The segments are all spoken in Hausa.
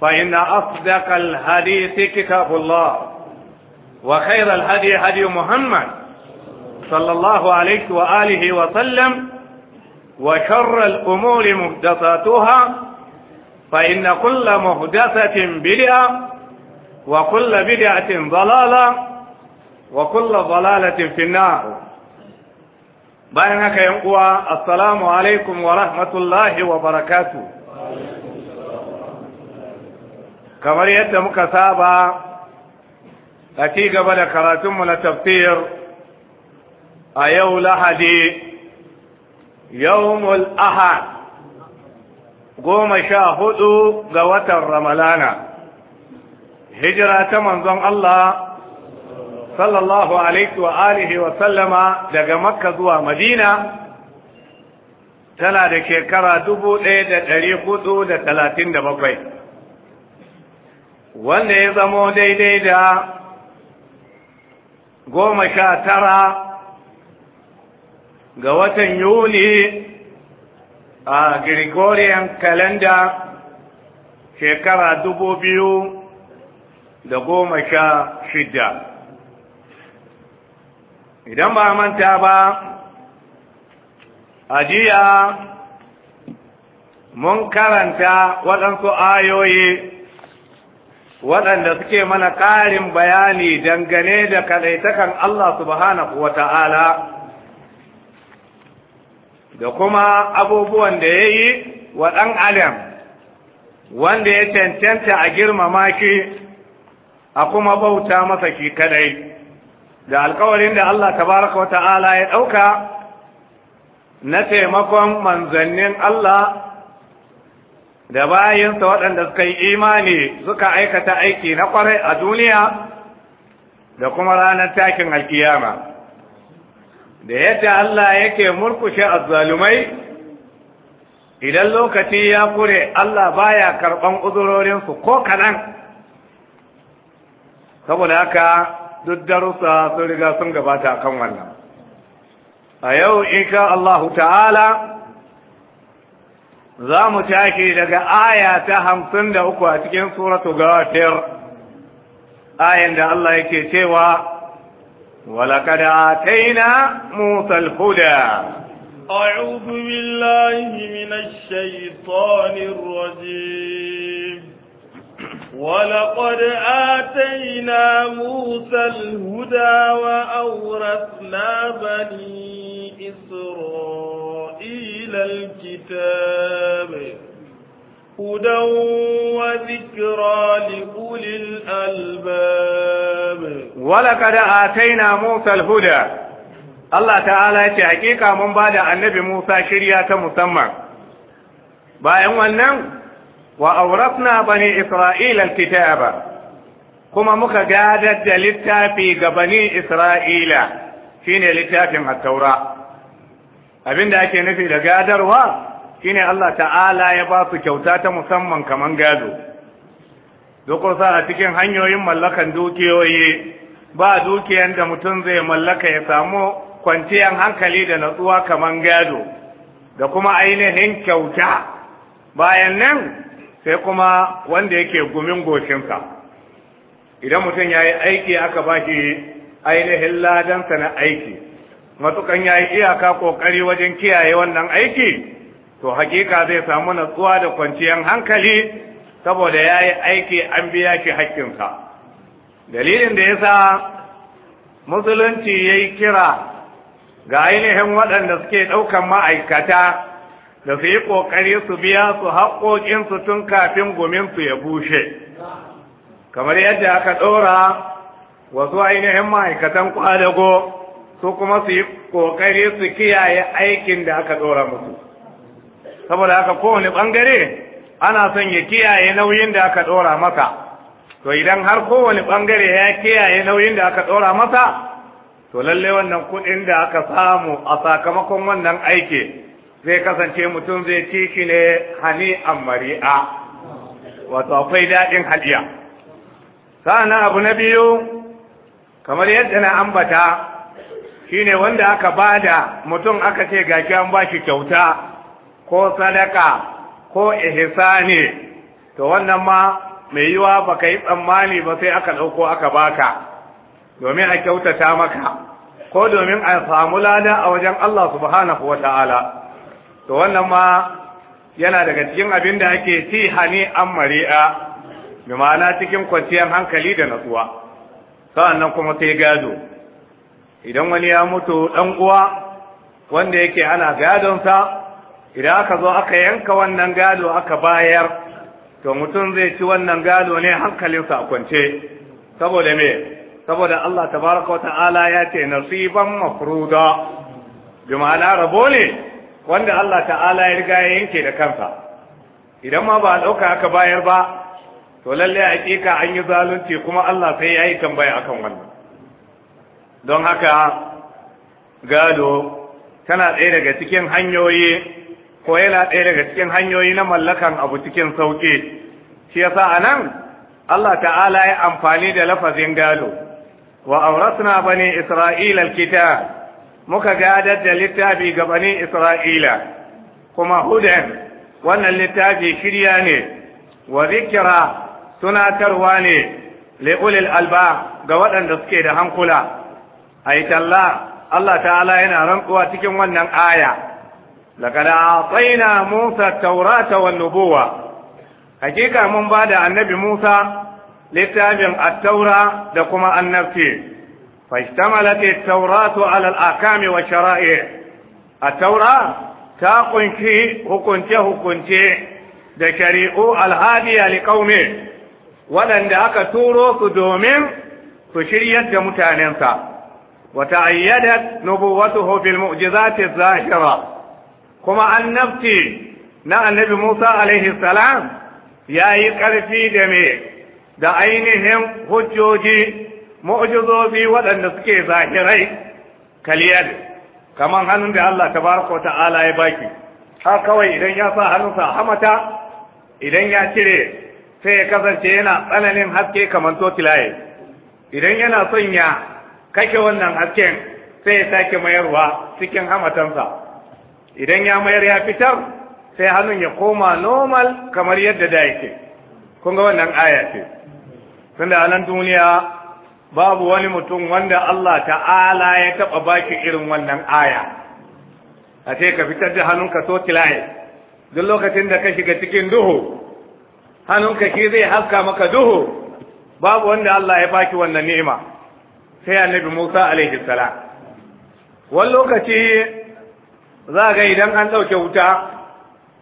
فإن أصدق الحديث كتاب الله وخير الهدي هدي محمد صلى الله عليه وآله وسلم وشر الأمور محدثاتها فإن كل محدثة بدعة وكل بدعة ضلالة وكل ضلالة في النار بينك يا السلام عليكم ورحمة الله وبركاته kamar yadda muka saba a ci gaba da karatunmu na tafsir a yau lahadi yawmul ahad goma sha hudu ga watan ramalana hijira ta manzon Allah sallallahu alaihi wa alihi wa sallama daga makka zuwa madina tana da shekara dubu ɗaya da ɗari hudu da talatin da bakwai wanda ya zamo daidai da goma sha tara ga watan yuli a gregorian calendar shekara dubu biyu da goma sha shida idan ba manta ba a jiya mun karanta waɗansu ayoyi waɗanda suke mana ƙarin bayani dangane da kaɗaitakan Allah subhanahu wa ta'ala da kuma abubuwan da ya yi wa ɗan alam wanda ya cancanta a girmama shi a kuma bauta masa shi kadai da alkawarin da Allah tabaraka wa ta'ala ya ɗauka na taimakon manzannin Allah da bayansa waɗanda suka yi imani suka aikata aiki na kwarai a duniya da kuma ranar takin alkiyama da yadda Allah yake murkushe azzalumai idan lokaci ya kure Allah baya karɓan uzurorinsu ko kaɗan saboda haka duk darussa sun riga sun gabata kan wannan a yau in insha Allah ta'ala za mu tashi daga aya ta hamsin da uku a cikin suratu gafir ayan da Allah yake cewa ولقد آتينا موسى الهدى أعوذ بالله من الشيطان الرجيم ولقد آتينا موسى الهدى وأورثنا بني إسرائيل الكتاب هدى وذكرى لأولي الألباب ولقد آتينا موسى الهدى الله تعالى يتي حقيقة من بعد النبي موسى شريعة مسمى bayan wannan wa auratna bani isra'ila ba. kuma muka gadar da littafi ga bani isra'ila shine littafin at abin da ake nufi da gadarwa shine Allah ta'ala ya ba su kyauta ta musamman kaman gado sa a cikin hanyoyin mallakan dukiyoyi ba dukiyan da mutum zai mallaka ya samu kwanciyan hankali da natsuwa kaman gado da kuma ainihin kyauta bayan nan sai kuma wanda yake gumin goshinsa idan mutum ya yi aiki aka ba shi ainihin ladansa na aiki matukan ya yi iyaka ƙoƙari wajen kiyaye wannan aiki to hakika zai samu natsuwa da kwanciyar hankali saboda ya yi aiki an biya shi haƙƙinsa dalilin da ya sa musulunci ya yi kira ga ainihin waɗanda suke ɗaukan ma'aikata da su yi ƙoƙari su biya su haƙoƙinsu tun kafin guminsu ya bushe kamar yadda aka ɗora wasu ainihin ma'aikatan ƙwadago su kuma su yi kokari su kiyaye aikin da aka dora musu saboda haka kowane bangare ana son ya kiyaye nauyin da aka dora masa to idan har kowane bangare ya kiyaye nauyin da aka dora masa to lalle wannan kuɗin da aka samu a sakamakon wannan aiki zai kasance mutum zai ci shi ne hani mari'a wato akwai daɗin haliya sa'annan abu na biyu kamar yadda na ambata shine wanda aka bada mutum aka ce ga an ba shi kyauta ko sadaka ko ihsani to wannan ma mai yiwa baka yi tsammani ba sai aka ɗauko aka baka domin a kyautata maka ko domin a samu lada a wajen Allah subhanahu wata'ala to wannan ma yana daga cikin abin da ake ci hani an mari'a bi ma'ana cikin kwanciyar hankali da natsuwa sa'annan kuma sai gado idan wani ya mutu dan uwa wanda yake ana sa, idan aka zo aka yanka wannan gado aka bayar to mutum zai ci wannan gado ne hankalinsa a kwance saboda me saboda Allah tabaraka wa ta'ala ya ce nasiban mafruda juma'ana rabo ne wanda Allah ta'ala ya riga ya yanke da kansa idan ma ba a ɗauka aka bayar ba to lallai hakika an yi zalunci kuma Allah sai ya yi tambaya akan wannan don haka gado tana ɗaya daga cikin hanyoyi ko yana ɗaya daga cikin hanyoyi na mallakan abu cikin sauƙi shi yasa a nan Allah ta'ala ya amfani da lafazin gado wa aurasna bani isra'ila kita? muka gadar da littafi ga bani isra'ila kuma hudan wannan littafi shirya ne wa zikira tunatarwa ne li'ulil alba ga waɗanda suke da hankula Ayi talla Allah ta'ala yana rantsuwa cikin wannan aya laqad atayna Musa tawrata wan-nubuwa hakika mun bada annabi Musa littafin at-taura da kuma fa istamalat at-tauratu ala al ahkam wa shara'i at-taura ta kunshi hukunce hukunce da shari'u al-hadiya liqaumi waɗanda aka turo su domin su shiryar da mutanensa وتأيدت نبوته في المعجزات الظاهرة كما أن نبتي na Annabi Musa عليه السلام يا يقرفي دمي da ainihin hujjoji mu'jizozi waɗanda suke zahirai kaliyar kamar hannun da Allah tabaraka wa ta'ala ya baki har kawai idan ya sa hannunsa hamata idan ya cire sai ya kasance yana tsananin haske kamar totilaye idan yana son ya kake wannan hasken sai ya sake mayarwa cikin hamatansa idan ya mayar ya fitar sai hannun ya koma normal kamar yadda da yake kun ga wannan aya ce tunda a nan duniya babu wani mutum wanda Allah ta'ala ya taɓa baki irin wannan aya a ce ka fitar da hannunka so tilaye duk lokacin da ka shiga cikin duhu hannunka shi zai haska maka duhu babu wanda Allah ya baki wannan ni'ima sai annabi Musa alaihi salam wani lokaci za ga idan an ɗauke wuta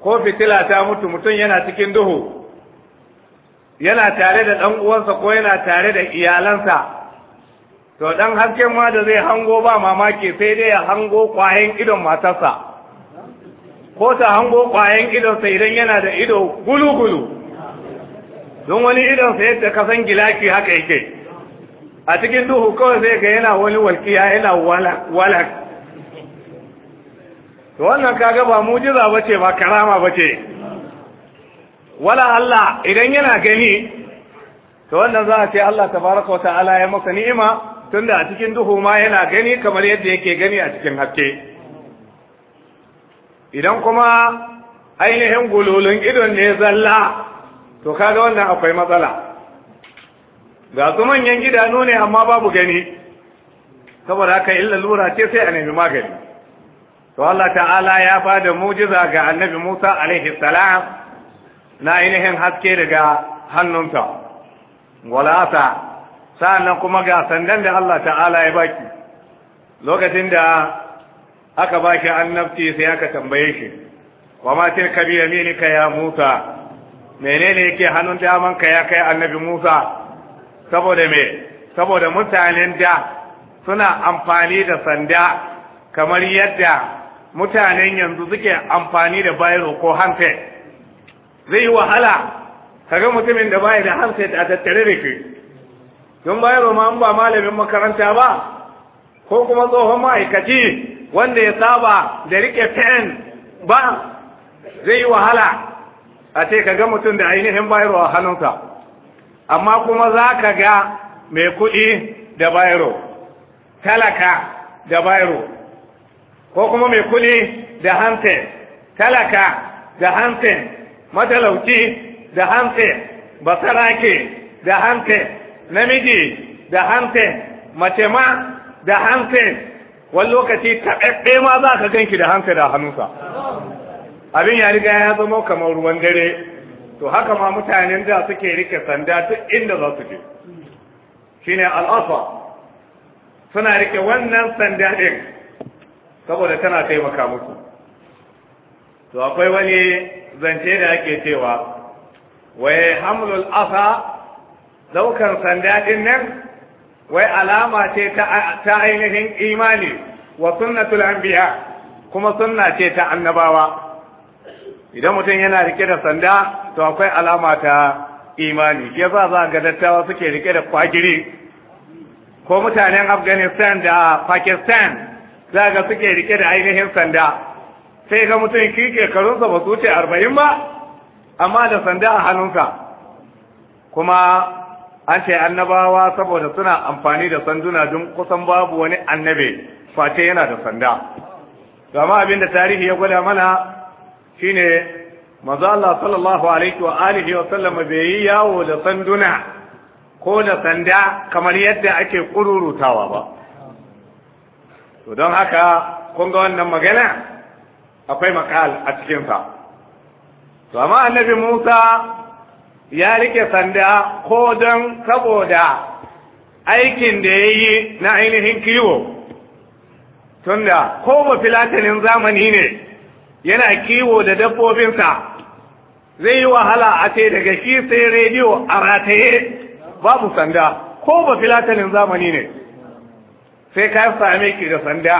ko fitila ta mutu mutum yana cikin duhu yana tare da ɗan uwansa ko yana tare da iyalansa to ɗan hasken ma da zai hango ba mamaki sai dai ya hango kwayan idon matarsa ko ta hango kwayan idonsa idan yana da ido gulu-gulu don wani idonsa yadda kasan gilaki haka yake a cikin duhu kawai zai ga yana wani walƙiya yana walak to wannan kaga ba mujiza ba ce ba karama ba ce wala Allah idan yana gani to wannan za a ce Allah tabaraka wa ta'ala ya maka ni'ima tunda a cikin duhu ma yana gani kamar yadda yake gani a cikin haske idan kuma ainihin gululun idon ne zalla to kaga wannan akwai matsala ga su manyan idanu ne amma babu gani saboda haka illa lura ce sai a nemi magani to Allah ta'ala ya ba da mujiza ga annabi Musa alaihi salam na ainihin haske daga hannunsa walata sa'annan kuma ga sandan da Allah ta'ala ya baki lokacin da aka baki annabci sai aka tambaye shi wa ma tilka mini yaminika ya Musa menene yake hannun damanka ya kai annabi Musa saboda me saboda mutanen da suna amfani da sanda kamar yadda mutanen yanzu suke amfani da bayro ko handset zai yi wahala kaga mutumin da baya da handset a tattare da ke don bayro ma an ba malamin makaranta ba ko kuma tsohon ma'aikaci wanda ya saba da rike pen ba zai yi wahala a ce kaga mutum da ainihin bayro a hannunsa amma kuma za ka ga mai kuɗi da bairo talaka da bairo ko kuma mai kuɗi da hante talaka da hante matalauci da hante basarake da hante namiji da hante mace ma da hante wani lokaci taɓaɓɓe ma za ka ganki da hante da hannunsa abin ya riga ya zama kamar ruwan dare to haka ma mutanen da suke rike sanda duk inda za su je shine al'afa suna rike wannan sanda din saboda tana taimaka musu to akwai wani zance da ake cewa wai hamlul afa daukan sanda din nan wai alama ce ta ainihin imani wa sunnatul anbiya kuma sunna ce ta annabawa idan mutum yana rike da sanda to akwai alama ta imani ke za za ga dattawa suke rike da kwagiri ko mutanen afghanistan da pakistan za ga suke rike da ainihin sanda sai ga mutum ki karunsa ba su wuce arba'in ba amma da sanda a hannunsa kuma an ce annabawa saboda suna amfani da sanduna don kusan babu wani annabe face yana da sanda gama abin da tarihi ya gwada mana shine manzo Allah sallallahu alaihi wa alihi wa sallama bai yi yawo da sanduna ko da sanda kamar yadda ake kururutawa ba to don haka kun ga wannan magana akwai makal a cikinsa to amma annabi Musa ya rike sanda ko don saboda aikin da ya yi na ainihin kiwo tunda ko ba filatanin zamani ne yana kiwo da dabbobinsa zai yi wahala a ce daga shi sai rediyo a rataye babu sanda ko ba filatalin zamani ne sai ka same ki da sanda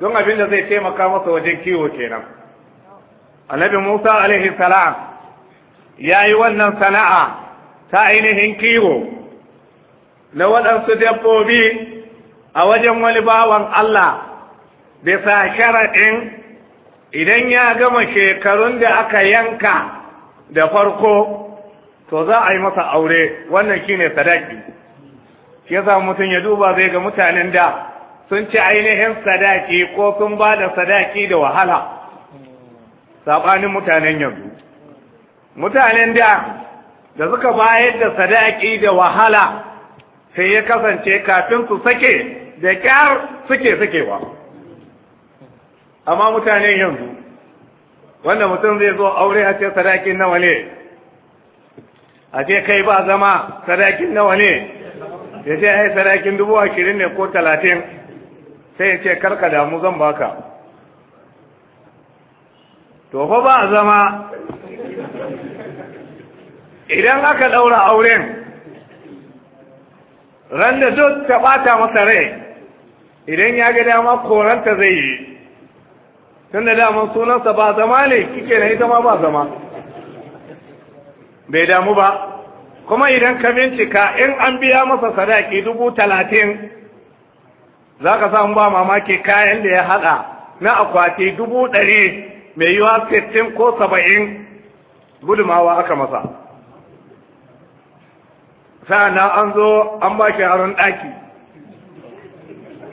don abin da zai taimaka masa wajen kiwo kenan annabi musa alaihi salam ya yi wannan sana'a ta ainihin kiwo na waɗansu dabbobi a wajen wani bawan allah bisa sharaɗin idan ya gama shekarun da aka yanka da farko to za a yi masa aure wannan shine sadaki Ya yasa mutum ya duba zai ga mutanen da sun ci ainihin sadaki ko sun ba da sadaki da wahala saɓanin mutanen yanzu mutanen da da suka bayar da sadaki da wahala sai ya kasance kafin su sake da kyar suke sakewa. amma mutane yanzu wanda mutum zai zo aure a ce sadakin nawa ne a ce kai ba zama sadakin nawa ne ya ce ai sadakin dubu ashirin ne ko talatin sai ya ce karka damu zan baka to fa ba zama idan aka ɗaura auren ran da duk ta ɓata masa rai idan ya ga dama koranta zai yi tunda daman sunansa ba zama ne kike na ita ma ba zama bai damu ba kuma idan ka bincika in an biya masa sadaki dubu talatin za ka samu ba mamaki kayan da ya haɗa na akwati dubu ɗari mai yiwa sittin ko saba'in gudumawa aka masa sa'ana an zo an ba shi haron ɗaki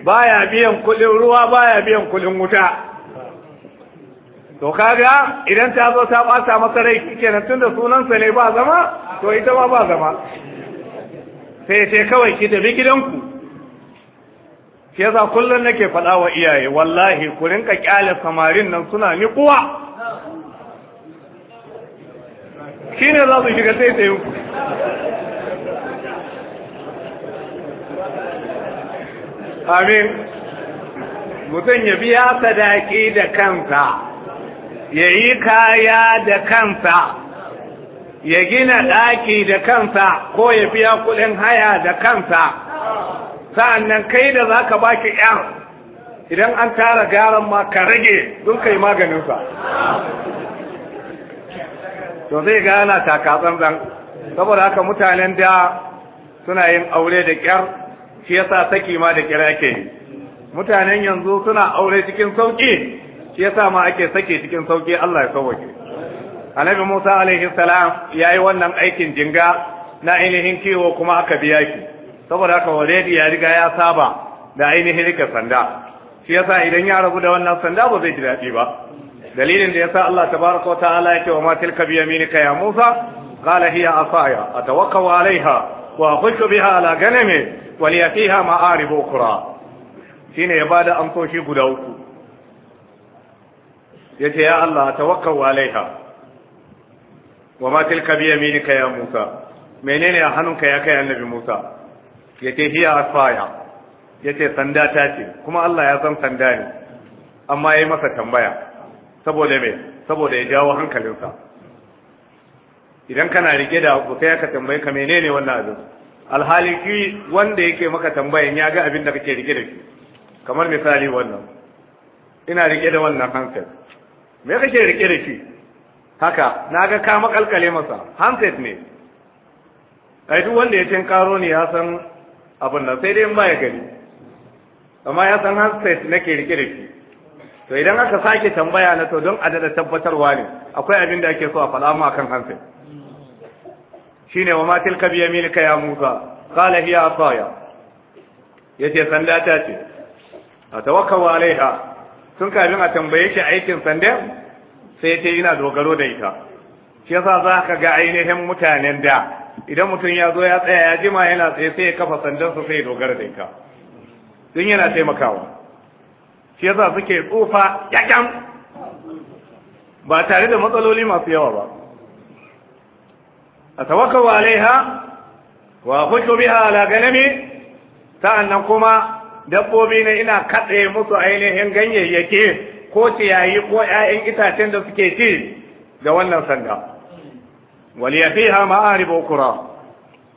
baya biyan kuɗin ruwa baya biyan kuɗin wuta to kaga idan ta zo ta bata masa rai kenan tunda sunansa ne ba zama to ita ma ba zama sai ce kawai ki tafi gidanku shi yasa kullum nake faɗa wa iyaye wallahi ku rinka kyale samarin nan suna ni kuwa. Shi ne za su shiga sai tsayin amin mutum ya biya sadaki da kansa ya yi kaya da kansa ya gina ɗaki da kansa ko ya biya kuɗin haya da kansa sa'an nan kai da za ka baki ‘yan idan an tara garan ma ka rage don kai maganinsa to zai gana takatsantsan saboda haka mutanen da suna yin aure da ƙyar shi yasa saki ma da ƙyar ake mutanen yanzu suna aure cikin sauƙi shi yasa ma ake sake cikin sauki Allah ya sauke annabi Musa alaihi salam yayi wannan aikin jinga na ainihin kiwo kuma aka biya shi saboda haka already ya riga ya saba da ainihin rika sanda shi yasa idan ya rabu da wannan sanda ba zai ji daɗi ba dalilin da yasa Allah tabaraka wa ta'ala yake wa ma tilka bi yaminika ya Musa qala hiya asaya atawakkau alaiha wa akhudhu biha ala ganami wa li fiha ma'arib ukhra shine ya bada amsoshi guda uku yace ya Allah tawakkal alaiha wa ma tilka bi yaminika ya Musa menene a hannunka ya kai annabi Musa yace hiya asfaya yace sanda ta ce kuma Allah ya san sanda ne amma yayi masa tambaya saboda me saboda ya jawo hankalinsa idan kana rike da abu sai ka tambaye ka menene wannan abin alhali ki wanda yake maka tambayan ya ga abin da kake rike da shi kamar misali wannan ina rike da wannan hankali. me kake rike da shi haka naga ka makalkale masa handset ne ai duk wanda ya tin karo ne ya san abin nan sai dai in ba ya gani amma ya san handset nake rike da shi to idan aka sake tambaya na to don a dada tabbatarwa ne akwai abin da ake so a faɗa mu kan handset shine wa ma tilka bi yaminika ya musa qala hiya asaya yace sanda ta ce atawakkalu alaiha tun kafin a tambaye shi aikin sanda sai ce ina dogaro da ita shi yasa za ka ga ainihin mutanen da idan mutum ya zo ya tsaya ya jima yana tsaye sai ya kafa sandan su sai ya dogara da ita don yana taimakawa shi yasa suke tsufa yakan ba tare da matsaloli masu yawa ba a alaiha wa khushu biha ala ganami sa'annan kuma dabbobi ne ina katse musu ainihin ganyayyaki ko ciyayi ko 'ya'yan itacen da suke ci da wannan sanda waliya fiha ma'arib ukra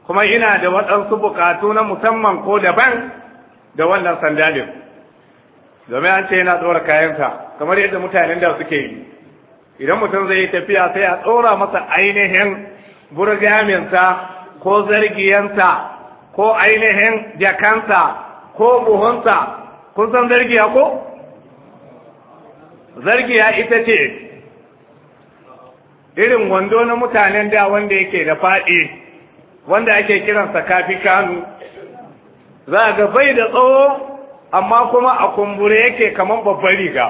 kuma ina da waɗansu buƙatu na musamman ko daban da wannan sanda ne domin an ce yana ɗora kayansa kamar yadda mutanen da suke yi idan mutum zai yi tafiya sai a ɗora masa ainihin burgaminsa ko zargiyansa ko ainihin jakansa ko buhunsa kun san zargiya ko zargiya ita ce irin wando na mutanen da wanda yake da faɗi wanda ake kiransa kafi kanu za ga bai da tsawo amma kuma a kumbure yake kamar babbar riga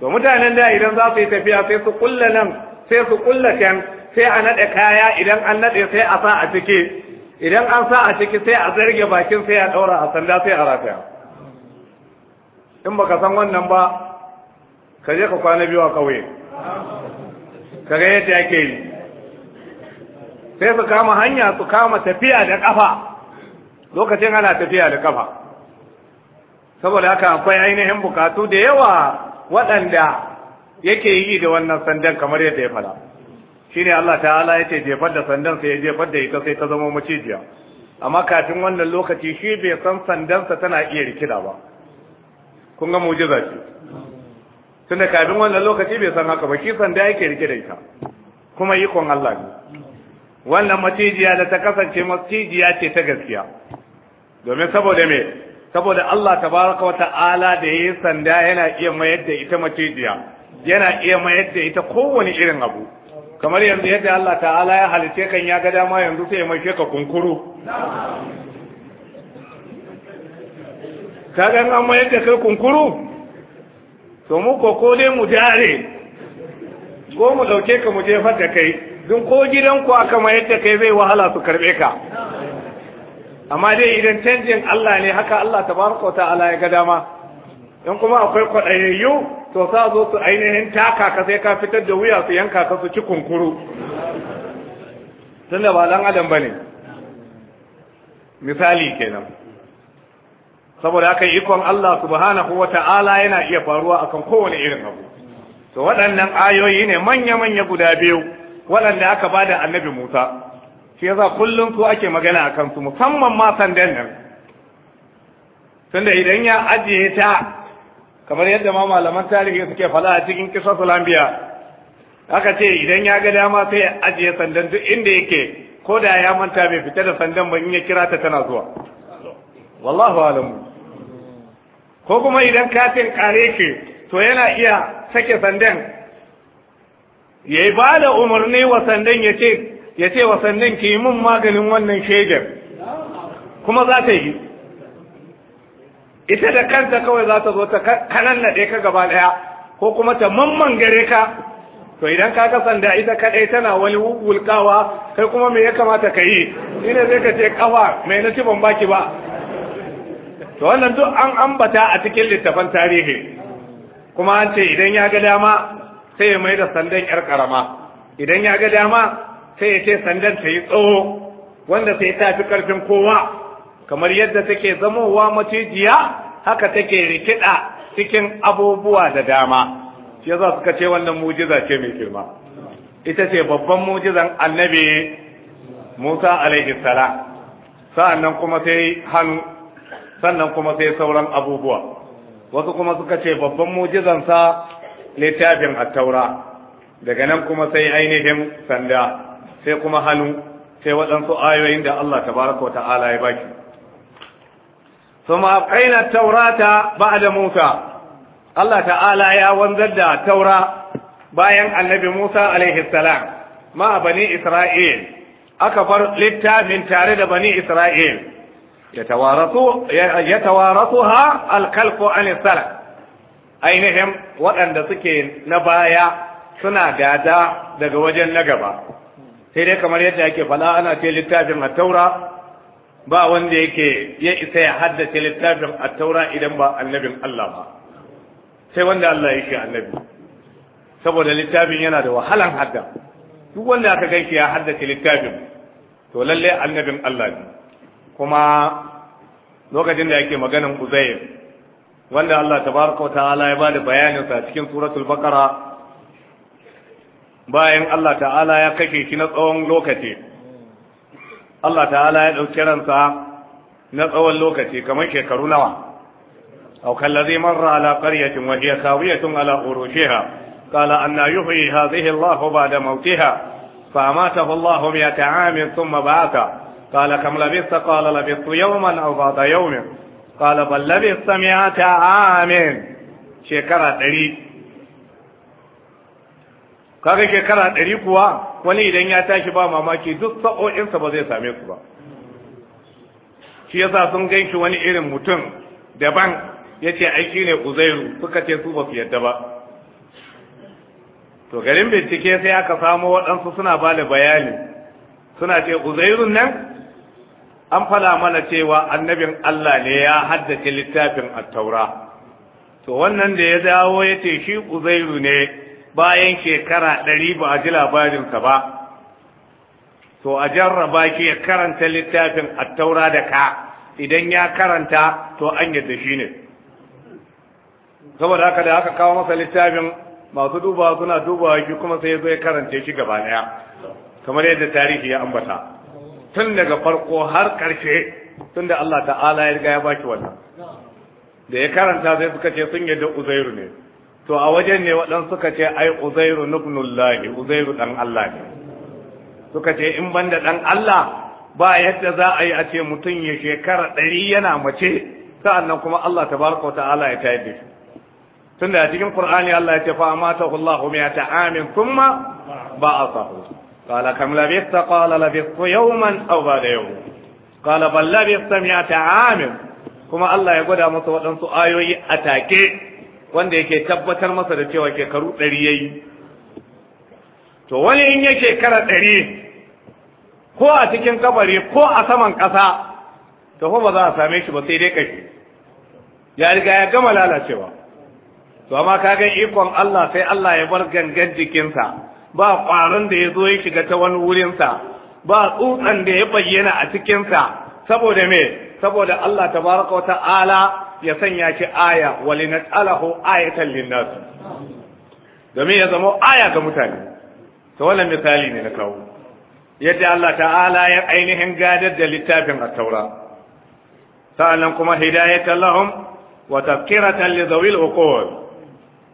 to mutanen da idan za su yi tafiya sai su kulla nan sai su kulla can sai a naɗe kaya idan an naɗe sai a sa a cike idan an sa a ciki sai a zarge bakin sai a ɗaura a sanda sai a rataya in baka san wannan ba ka je ka kwana biyu a kauye ka ga yadda ake yi sai su kama hanya su kama tafiya da kafa lokacin ana tafiya da kafa saboda haka akwai ainihin bukatu da yawa waɗanda yake yi da wannan sandan kamar yadda ya faɗa shine Allah ta'ala ya ce jefar da sandan sai ya jefar da ita sai ta zama macijiya amma kafin wannan lokaci shi bai san sandansa tana iya rikida ba kun ga mujiza ce tunda kafin wannan lokaci bai san haka ba shi sanda yake rike da ita kuma ikon Allah ne wannan macijiya da ta kasance macijiya ce ta gaskiya domin saboda me saboda Allah tabaraka wa ta'ala da yi sanda yana iya mayar da ita macijiya yana iya mayar da ita kowane irin abu kamar yanzu yadda Allah ta'ala ya halice kan ya ga dama yanzu sai ya maishe ka kunkuru kaga an mayar da kai kunkuru to mu ko ko dai mu dare ko mu dauke ka mu jefar da kai don ko gidan ku aka mayar da kai zai wahala su karbe ka amma dai idan canjin Allah ne haka Allah tabaraka ta'ala ya ga dama dan kuma akwai kwaɗayayyu to sa zo su ainihin taka ka sai ka fitar da wuya su yanka ka su ci kunkuru tunda ba dan adam bane misali kenan saboda haka ikon Allah subhanahu wata'ala yana iya faruwa akan kowane irin abu to waɗannan ayoyi ne manya-manya guda biyu waɗanda aka ba da annabi Musa shi yasa kullum su ake magana a su musamman ma sandan nan tunda idan ya ajiye ta kamar yadda ma malaman tarihi suke fada a cikin kisasul anbiya aka ce idan ya ga dama sai ya ajiye sandan duk inda yake ko da ya manta bai fita da sandan ba in ya kira ta tana zuwa wallahu alamu ko kuma idan kafin kare ke to yana iya sake sandan ya yi ba da umarni wa sandan ya ce wa sandan ki yi mun maganin wannan shegar kuma za ta yi ita da kanta kawai za ta zo ta kanannaɗe ka gaba ɗaya ko kuma ta mamman gare ka to idan ka ga sanda ita kaɗai tana wani wulkawa kai kuma me ya kamata ka yi ina zai ka ce kafa mai na ban baki ba to wannan duk an ambata a cikin littafan tarihi kuma an ce idan ya ga dama sai ya mai sandan yar karama idan ya ga dama sai ya ce sandan ta yi tsawo wanda sai ta fi karfin kowa kamar yadda take zamowa macijiya haka take rikida cikin abubuwa da dama shi yasa suka ce wannan mujiza ce mai girma ita ce babban mujizan annabi Musa alaihi salam sannan kuma sai hannu sannan kuma sai sauran abubuwa wasu kuma suka ce babban mujizansa littafin attaura daga nan kuma sai ainihin sanda sai kuma hannu sai waɗansu ayoyin da Allah tabaraka wa ta'ala ya baki ثم أبقينا التوراة بعد موسى الله تعالى يا وانزل التوراة باين النبي موسى عليه السلام مع بني إسرائيل أكفر لتا من تارد بني إسرائيل يتوارثها الخلق عن السلف ainihin waɗanda suke na baya suna gada daga wajen na gaba sai dai kamar yadda ake fala ana ce littafin a taura ba wanda yake ya isa ya haddace littafin attaura idan ba annabin Allah ba sai wanda Allah yake annabi saboda littafin yana da wahalan hadda duk wanda aka ganshi ya haddace littafin to lalle annabin Allah ne kuma lokacin da yake maganan Uzair wanda Allah tabaraka wa ta'ala ya bada bayanin sa cikin suratul baqara bayan Allah ta'ala ya kake shi na tsawon lokaci Allah ta'ala ya ɗauki ransa na tsawon lokaci kamar shekaru nawa أو كالذي مر على قرية وهي خاوية على عروشها قال أن يحيي هذه الله بعد موتها فأماته الله مئة عام ثم بعثه قال كم لبثت قال لبثت يوما أو بعض يوم قال بل لبثت مئة عام شكرا تريد kaga shekara ɗari kuwa wani idan ya tashi ba mamaki duk sa'o'insa ba zai same su ba shi yasa sun ganshi wani irin mutum daban ya ce ai ne uzairu suka ce su ba su yadda ba to garin bincike sai aka samo waɗansu suna ba da bayani suna ce uzairun nan an fala mana cewa annabin Allah ne ya haddace littafin attaura to wannan da ya dawo ya ce shi uzairu ne bayan shekara ɗari ba a ji labarinsa ba to a jarraba ki ya karanta littafin a taura da ka idan ya karanta to an yadda shi ne saboda haka da aka kawo masa littafin masu dubawa suna dubawa shi kuma sai zai karanta shi gaba ɗaya kamar yadda tarihi ya ambata tun daga farko har ƙarshe tun da Allah ta'ala ya riga ya baki wannan da ya karanta zai suka ce sun yadda uzairu ne to a wajen ne waɗansu suka ce ai uzairu nubnullahi uzairu ɗan Allah ne suka ce in banda ɗan Allah ba yadda za a yi a ce mutum ya shekara ɗari yana mace sa'annan kuma Allah tabaraka ta'ala ya tayar da shi tunda a cikin Kur'ani Allah ya ce fa amatahu Allahu mi'ata amin thumma ba'athahu قال كم لبثت قال لبثت يوما أو بعد يوم قال بل لبثت مئة Kuma Allah ya gwada masa waɗansu ayoyi a take. wanda yake tabbatar masa da cewa shekaru ɗari ya yi to wani in ya shekara ɗari ko a cikin kabari ko a saman ƙasa to fa ba za a same shi ba sai dai kashi ya riga ya gama lalacewa to amma ka ga ikon Allah sai Allah ya bar gangan jikinsa ba ƙwaron da ya zo ya shiga ta wani wurinsa ba tsutsan da ya bayyana a cikinsa saboda me saboda Allah tabaraka wa ta'ala ya sanya shi aya walinat'alahu ayatan linnas domin ya zama aya ga mutane to wannan misali ne na kawo yadda Allah ta'ala ya ainihin gadar da littafin at-taura sa'annan kuma hidayatan lahum wa tazkiratan li dhawil uqul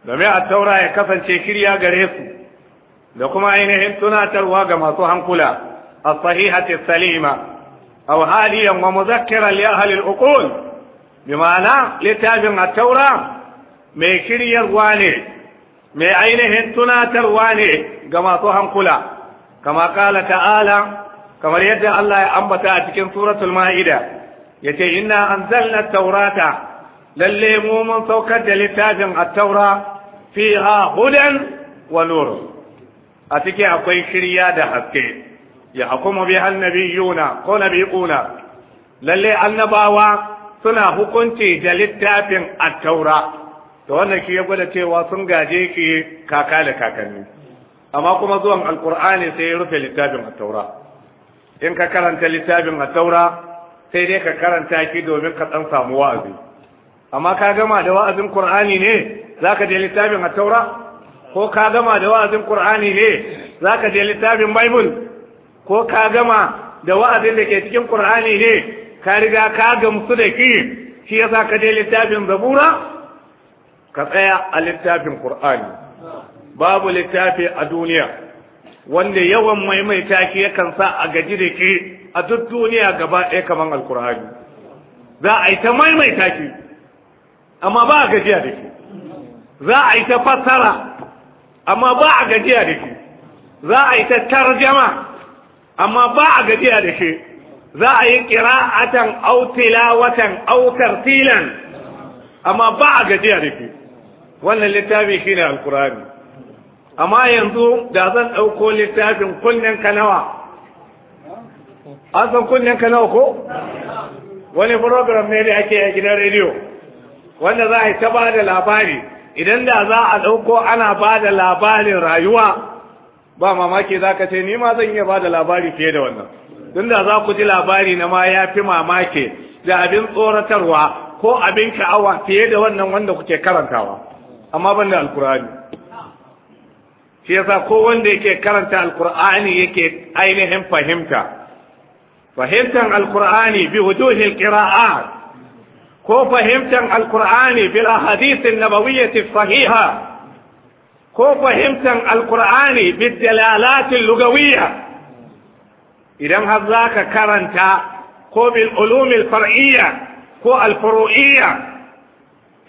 domin at-taura ya kasance shirya gare su da kuma ainihin tunatarwa ga masu hankula as-sahihati salima aw hadiyan wa mudhakkiran li ahli al-uqul bi littafin a taura mai shiryarwa ne mai ainihin tunatarwa ne ga masu hankula kama kala ta'ala kamar yadda Allah ya ambata a cikin suratul ma'ida yace inna anzalna taurata lalle mu mun saukar da littafin a taura fiha hudan wa nur a cikin akwai shirya da haske ya hukumu bi annabiyuna ko nabiuna lalle annabawa suna hukunci da littafin attaura da wannan shi ya gwada cewa sun gaje ki kaka da kakanni amma kuma zuwan alkur'ani sai ya rufe littafin attaura in ka karanta littafin attaura sai dai ka karanta ki domin ka dan samu wa'azi amma ka gama da wa'azin qur'ani ne zaka je littafin attaura ko ka gama da wa'azin qur'ani ne zaka je littafin bible ko ka gama da wa'azin da ke cikin qur'ani ne ka riga ka gamsu da ki shi yasa ka je littafin zabura ka tsaya a littafin qur'ani babu littafi a duniya wanda yawan maimaita ki yakan sa a gaji da ki a duk duniya gaba ɗaya kaman alkur'ani za a yi ta maimaita ki amma ba a gajiya da ki za a yi ta fassara amma ba a gajiya da ki za a yi ta tarjama amma ba a gajiya da ke. za a yi qira'atan aw tilawatan aw tartilan amma ba a gajiya da ke wannan littafin shi ne alqur'ani amma yanzu da zan ɗauko littafin kunnen kanawa an san kunnen kanawa ko wani program ne da ake a gidan rediyo wanda za a yi ta ba da labari idan da za a ɗauko ana ba da labarin rayuwa ba mamaki za ka ce ni ma zan iya ba da labari fiye da wannan don da za ku ji labari na ma ya fi mamaki da abin tsoratarwa ko abin sha'awa fiye da wannan wanda kuke karantawa amma ban da alkur'ani shi yasa ko wanda yake karanta alkur'ani yake ainihin fahimta fahimtar alkur'ani bi wujuhil qira'at ko fahimtar alkur'ani bil ahadith an-nabawiyyah sahiha ko fahimtar alkur'ani bid dalalat lugawiyya idan har za ka karanta ko bil ulumil far'iyya ko al furu'iyya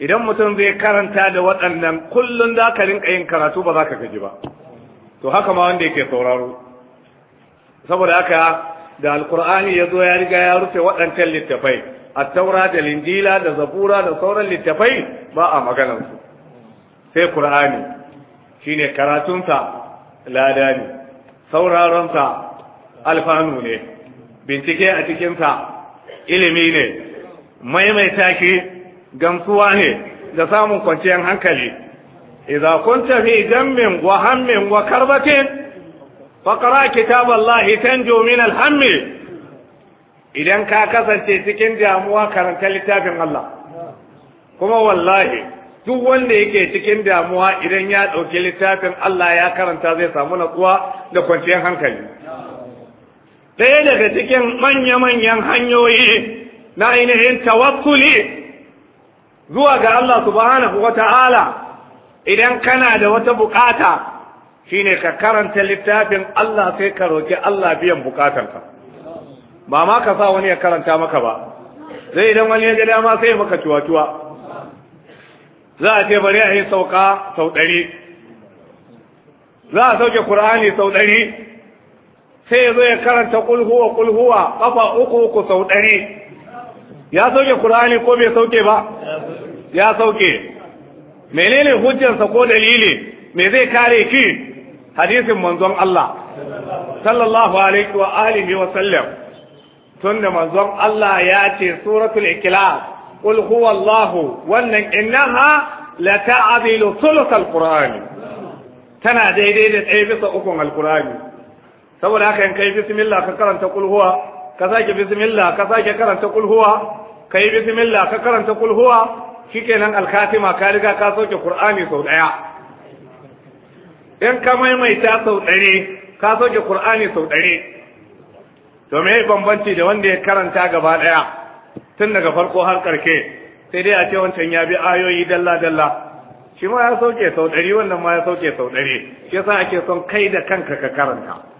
idan mutum zai karanta da waɗannan kullun za ka rinka yin karatu ba za ka gaji ba to haka ma wanda yake sauraro saboda haka da alkur'ani ya zo ya riga ya rufe waɗancan littafai attaura da linjila da zabura da sauran littafai ba a maganarsu sai kur'ani shine karatunsa lada ne sauraronsa alfanu ne bincike a cikinsa ilimi ne maimaita shi gamsuwa ne da samun kwanciyar hankali idza kunta fi jammin wa hammin wa karbatin faqra kitaballahi tanju min alhammi idan ka kasance cikin damuwa karanta littafin Allah kuma wallahi duk wanda yake cikin damuwa idan ya ɗauki littafin Allah ya karanta zai samu natsuwa da kwanciyar hankali ɗaya daga cikin manya-manyan hanyoyi na ainihin tawakkuli zuwa ga Allah subhanahu wa ta'ala idan kana da wata bukata shine ka karanta littafin Allah sai ka roƙi Allah biyan bukatanka ba ma ka sa wani ya karanta maka ba zai idan wani ya ga dama sai maka cuwa-cuwa za a ce bari a yi sauka sau ɗari za a sauke Kur'ani sau ɗari sai ya zo ya karanta kulhuwa kulhuwa kafa uku uku sau ɗari ya sauke kur'ani ko bai sauke ba ya sauke menene hujjarsa ko dalili me zai kare ki hadisin manzon Allah sallallahu alaihi wa alihi wa sallam tunda manzon Allah ya ce suratul ikhlas qul allah wannan innaha la ta'dilu thuluth tana daidai da ɗaya bisa ukun alqur'ani saboda haka in kai bismillah ka karanta kul huwa ka sake bismillah ka sake karanta kul huwa kai bismillah ka karanta kul huwa shikenan alkatima ka riga ka sauke qur'ani sau daya in ka maimaita sau dare ka sauke qur'ani sau dare to me bambanci da wanda ya karanta gaba daya tun daga farko har karke sai dai a ce wancan ya bi ayoyi dalla dalla shi ma ya sauke sau ɗari wannan ma ya sauke sau ɗari shi yasa ake son kai da kanka ka karanta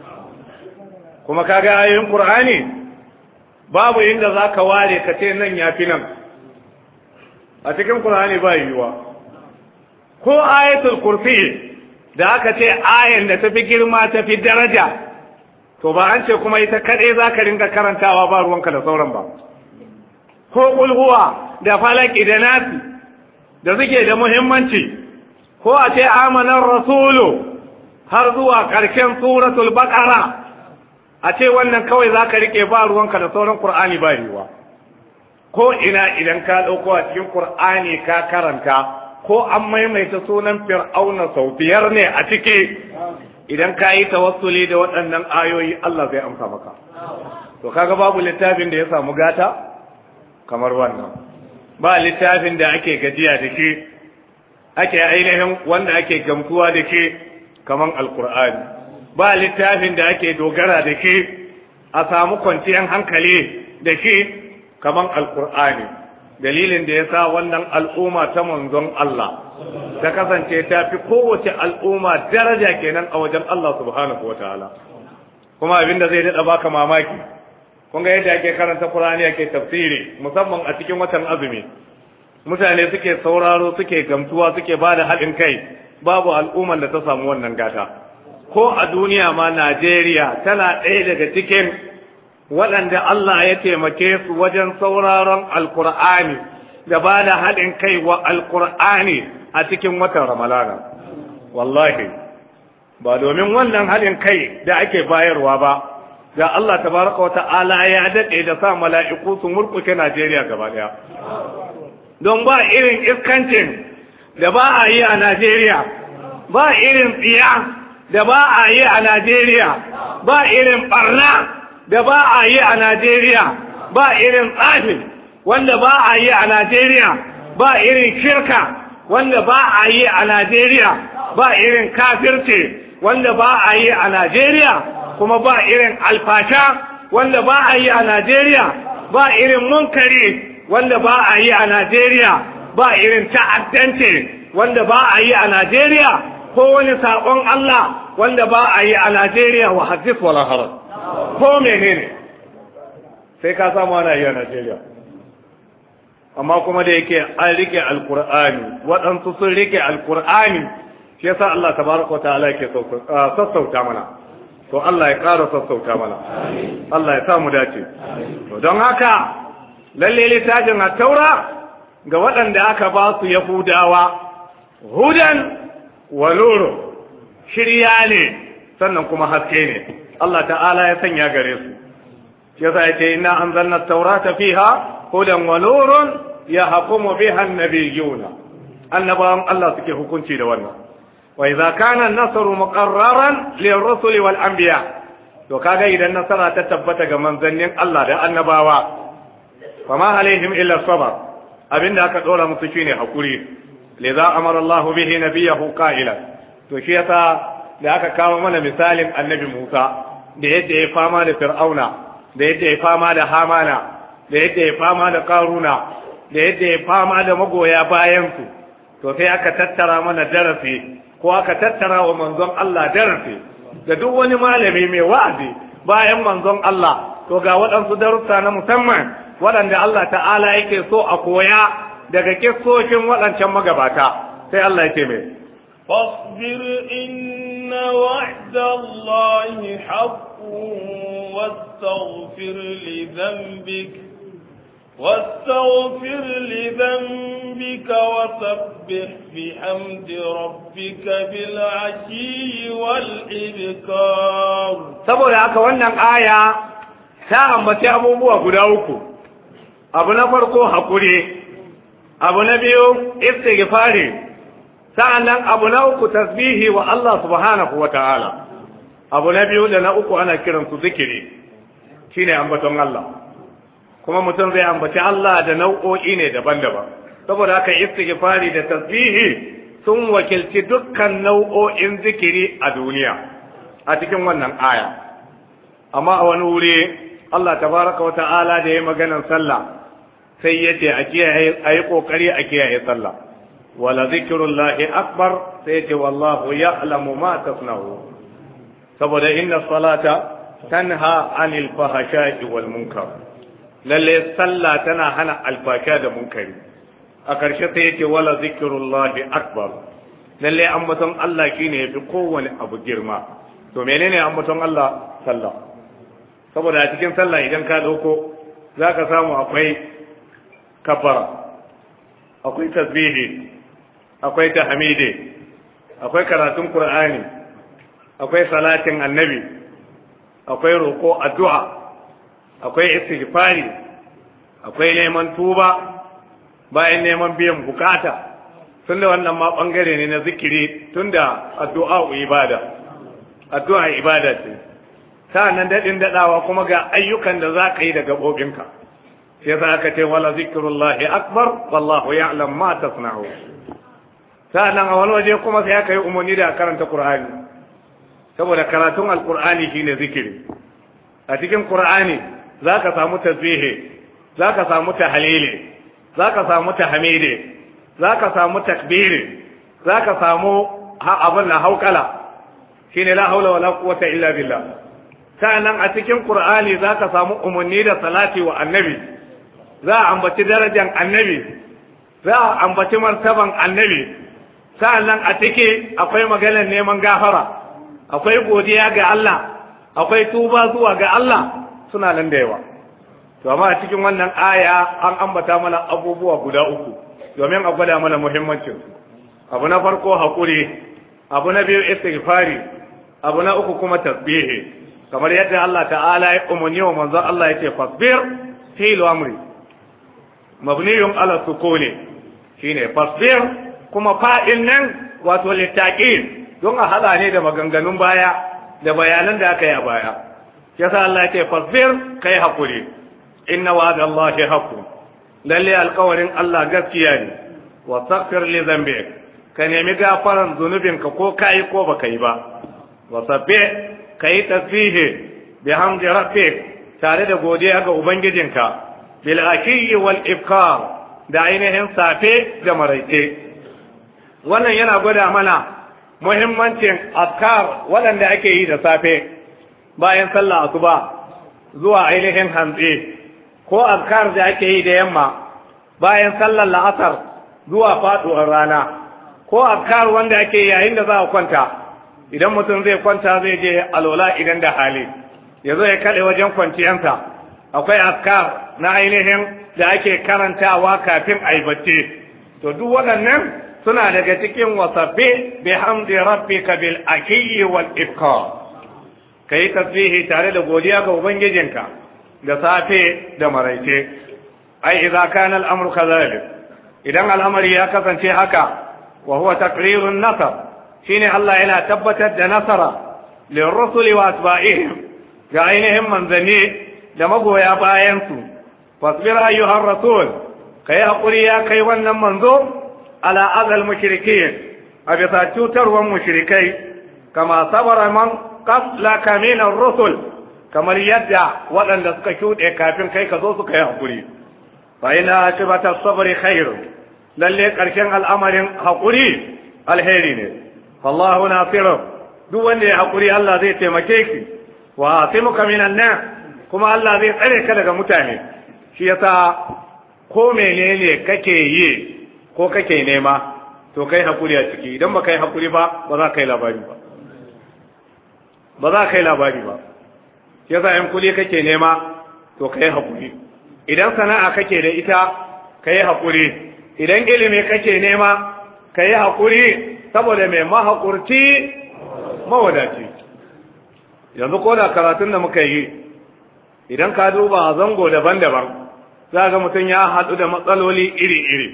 kuma kaga ayoyin qur'ani babu inda zaka ware ka ce nan fi nan a cikin qur'ani ba yiwuwa ko ayatul kursi da aka ce ayan da tafi girma tafi daraja to ba an ce kuma ita kadai zaka ringa karantawa ba ruwanka da sauran ba ko kulhuwa da falaki da nasi da suke da muhimmanci ko a ce amanar rasulu har zuwa ƙarshen suratul baqara a ce wannan kawai za ka riƙe ba ruwanka da sauran ƙur'ani ba riwa ko ina idan ka ɗauko a cikin ƙur'ani ka karanta ko an maimaita sunan fir'auna sau biyar ne a ciki idan ka yi tawassuli da waɗannan ayoyi Allah zai amsa maka to kaga babu littafin da ya samu gata kamar wannan ba littafin da ake gajiya da ke ake ainihin wanda ake gamsuwa da ke kamar alƙur'ani ba littafin da ake dogara da ke a samu kwanciyar hankali da ke kamar alkur'ani dalilin da ya sa wannan al'umma ta manzon Allah ta kasance ta fi kowace al'umma daraja kenan a wajen Allah subhanahu wa ta'ala kuma abin da zai dada baka mamaki kun ga yadda ake karanta Qur'ani ake tafsiri musamman a cikin watan azumi mutane suke sauraro suke gamsuwa suke bada da haɗin kai babu al'umman da ta samu wannan gata ko a duniya ma Najeriya tana ɗaya daga cikin waɗanda Allah ya taimake su wajen sauraron alkur'ani da ba da haɗin kai wa Alƙur'ani a cikin watan ramalana wallahi ba domin wannan haɗin kai da ake bayarwa ba da Allah ta baraka wa ta'ala ya daɗe da sa mala'iku su murƙuke Najeriya gaba ɗaya don ba irin iskancin da ba a yi a Najeriya ba irin tsiya da ba a yi a Najeriya ba irin barna da ba a yi a Najeriya ba irin tsafi wanda ba a yi a Najeriya ba irin shirka wanda ba a yi a Najeriya ba irin kafirce wanda ba a yi a Najeriya kuma ba irin alfasha wanda ba a yi a Najeriya ba irin munkari wanda ba a yi a Najeriya ba irin ta'addanci. wanda ba a yi a Najeriya ko wani saƙon Allah wanda ba a yi a Najeriya wa hadis wala haram ko menene sai ka samu ana yi a Najeriya amma kuma da yake an rike alkur'ani waɗansu sun rike alkur'ani shi yasa Allah tabaraka ta'ala yake sassauta mana to Allah ya ƙara sassauta mana Allah ya sa mu dace to don haka lalle littafin a taura ga waɗanda aka ba su yahudawa hudan waluru shirya ne sannan kuma haske ne Allah ta'ala ya sanya gare su shi yasa yace inna anzalna at-taurata fiha hudan wa nurun yahkumu biha an-nabiyuna annabawan Allah suke hukunci da wannan wa idza kana an-nasru muqarraran lir-rusuli wal-anbiya to kaga idan nasara ta tabbata ga manzannin Allah da annabawa fama alaihim illa Abin abinda aka dora musu shine hakuri liza amara Allah bihi nabiyahu qa'ila to shi yasa da aka kawo mana misalin annabi Musa da yadda ya fama da Fir'auna da yadda ya fama da Hamana da yadda ya fama da Karuna da yadda ya fama da magoya bayansu to aka tattara mana darasi ko aka tattara wa manzon Allah darasi da duk wani malami mai wa'azi bayan manzon Allah to ga waɗansu darussa na musamman waɗanda Allah ta'ala yake so a koya daga kissocin waɗancan magabata sai Allah ya ce mai فاصبر إن وعد الله حق واستغفر لذنبك واستغفر لذنبك وسبح بحمد ربك بالعشي والإبكار saboda haka wannan aya ta ambaci abubuwa guda uku abu na farko haƙuri. abu na biyu istighfari sa'annan abu na uku tasbihi wa Allah subhanahu wa ta'ala abu na biyu da na uku ana kiran su zikiri shine ambaton Allah kuma mutum zai ambaci Allah da nau'o'i ne daban-daban saboda haka istighfari da tasbihi sun wakilci dukkan nau'o'in zikiri a duniya a cikin wannan aya amma a wani wuri Allah tabaraka wa ta'ala da ya yi maganan sallah sai yace a kiyaye ayi kokari a kiyaye sallah wala zikrullahi akbar sai ce wallahu ya'lamu ma tasna'u saboda inna salata tanha anil fahasha'i wal munkar lalle sallah tana hana alfasha da munkari a ƙarshe sai yace wala zikrullahi akbar lalle ambaton Allah shine yafi kowane abu girma to menene ambaton Allah sallah saboda a cikin sallah idan ka dauko zaka samu akwai kabbara akwai tasbihi akwai tahmidi akwai karatun qur'ani akwai salatin annabi akwai roko addu'a akwai istighfari akwai neman tuba bayan neman biyan bukata tunda wannan ma bangare ne na zikiri tunda addu'a ibada addu'a ibada ce sa'annan dadin dadawa kuma ga ayyukan da za ka yi da gabobinka shi yasa aka ce wala zikrullahi akbar wallahu ya'lam ma tasna'u sa'annan a wani waje kuma sai aka yi umarni da karanta qur'ani saboda karatun alqur'ani shine zikiri a cikin qur'ani zaka samu tasbihi zaka samu tahlili zaka samu tahmidi zaka samu takbiri zaka samu abun na haukala shine la haula wala quwwata illa billah sa'annan a cikin qur'ani zaka samu umarni da salati wa annabi za a ambaci darajar annabi za a ambaci martaban annabi sa'annan a take akwai maganar neman gafara akwai godiya ga Allah akwai tuba zuwa ga Allah suna nan da yawa to amma a cikin wannan aya an ambata mana abubuwa guda uku domin a gwada mana muhimmancin abu na farko haƙuri abu na biyu istighfari abu na uku kuma tasbihi kamar yadda Allah ta'ala ya umarni wa manzon Allah yake fasbir fi amri mabniyun ala sukuni shine fasbir kuma fa'il nan wato littaqin don a hada ne da maganganun baya da bayanan da aka yi a baya yasa Allah yake fasbir kai hakuri inna wa'dallahi haqqun lalle alkawarin Allah gaskiya ne wa sakfir li zambe ka nemi gafaran ka ko kayi ko baka yi ba wa sabbe ka yi tasbihi bihamdi rabbik tare da godiya ga ubangijinka bil ashi wal ifkar da ainihin safe da maraice wannan yana gwada mana muhimmancin askar waɗanda ake yi da safe bayan sallah asuba zuwa ainihin hantsi ko askar da ake yi da yamma bayan sallar la'asar zuwa faɗuwar rana ko askar wanda ake yayin da za a kwanta idan mutum zai kwanta zai je alola idan da hali ya zo ya kaɗe wajen kwanciyarsa akwai askar. na ainihin da ake karantawa kafin a yi bacci to duk waɗannan suna daga cikin wasabbi bi hamdi rabbika bil akiyyi wal ifkar kai tasbihi tare da godiya ga ubangijinka da safe da maraice ai idza kana al-amru kadhalik idan al'amari ya kasance haka wa huwa taqrirun nasar shine Allah yana tabbatar da nasara lirrusuli wa asba'ihim ga ainihin manzanni da magoya bayan su. fasbir ayyuhar rasul kai haƙuri ya kai wannan manzo ala azal mushrikin a bisa cutarwan mushrikai kama sabara man kasla kaminan rusul kamar yadda waɗanda suka shuɗe kafin kai ka zo su kai haƙuri fa ina akibata sabri khair lalle ƙarshen al'amarin haƙuri alheri ne fallahu nasiru duk wanda ya haƙuri Allah zai taimake ki wa asimuka minan nas kuma Allah zai tsare ka daga mutane shi yasa ko menene kake yi ko kake nema to kai hakuri a ciki idan ba kai hakuri ba ba za kai labari ba ba za kai labari ba shi yasa in kuli kake nema to kai hakuri idan sana'a kake da ita kai hakuri idan ilimi kake nema kai hakuri saboda mai mahakurci mawadaci yanzu ko da karatun da muka yi idan ka duba zango daban-daban za ga mutum ya haɗu da matsaloli iri-iri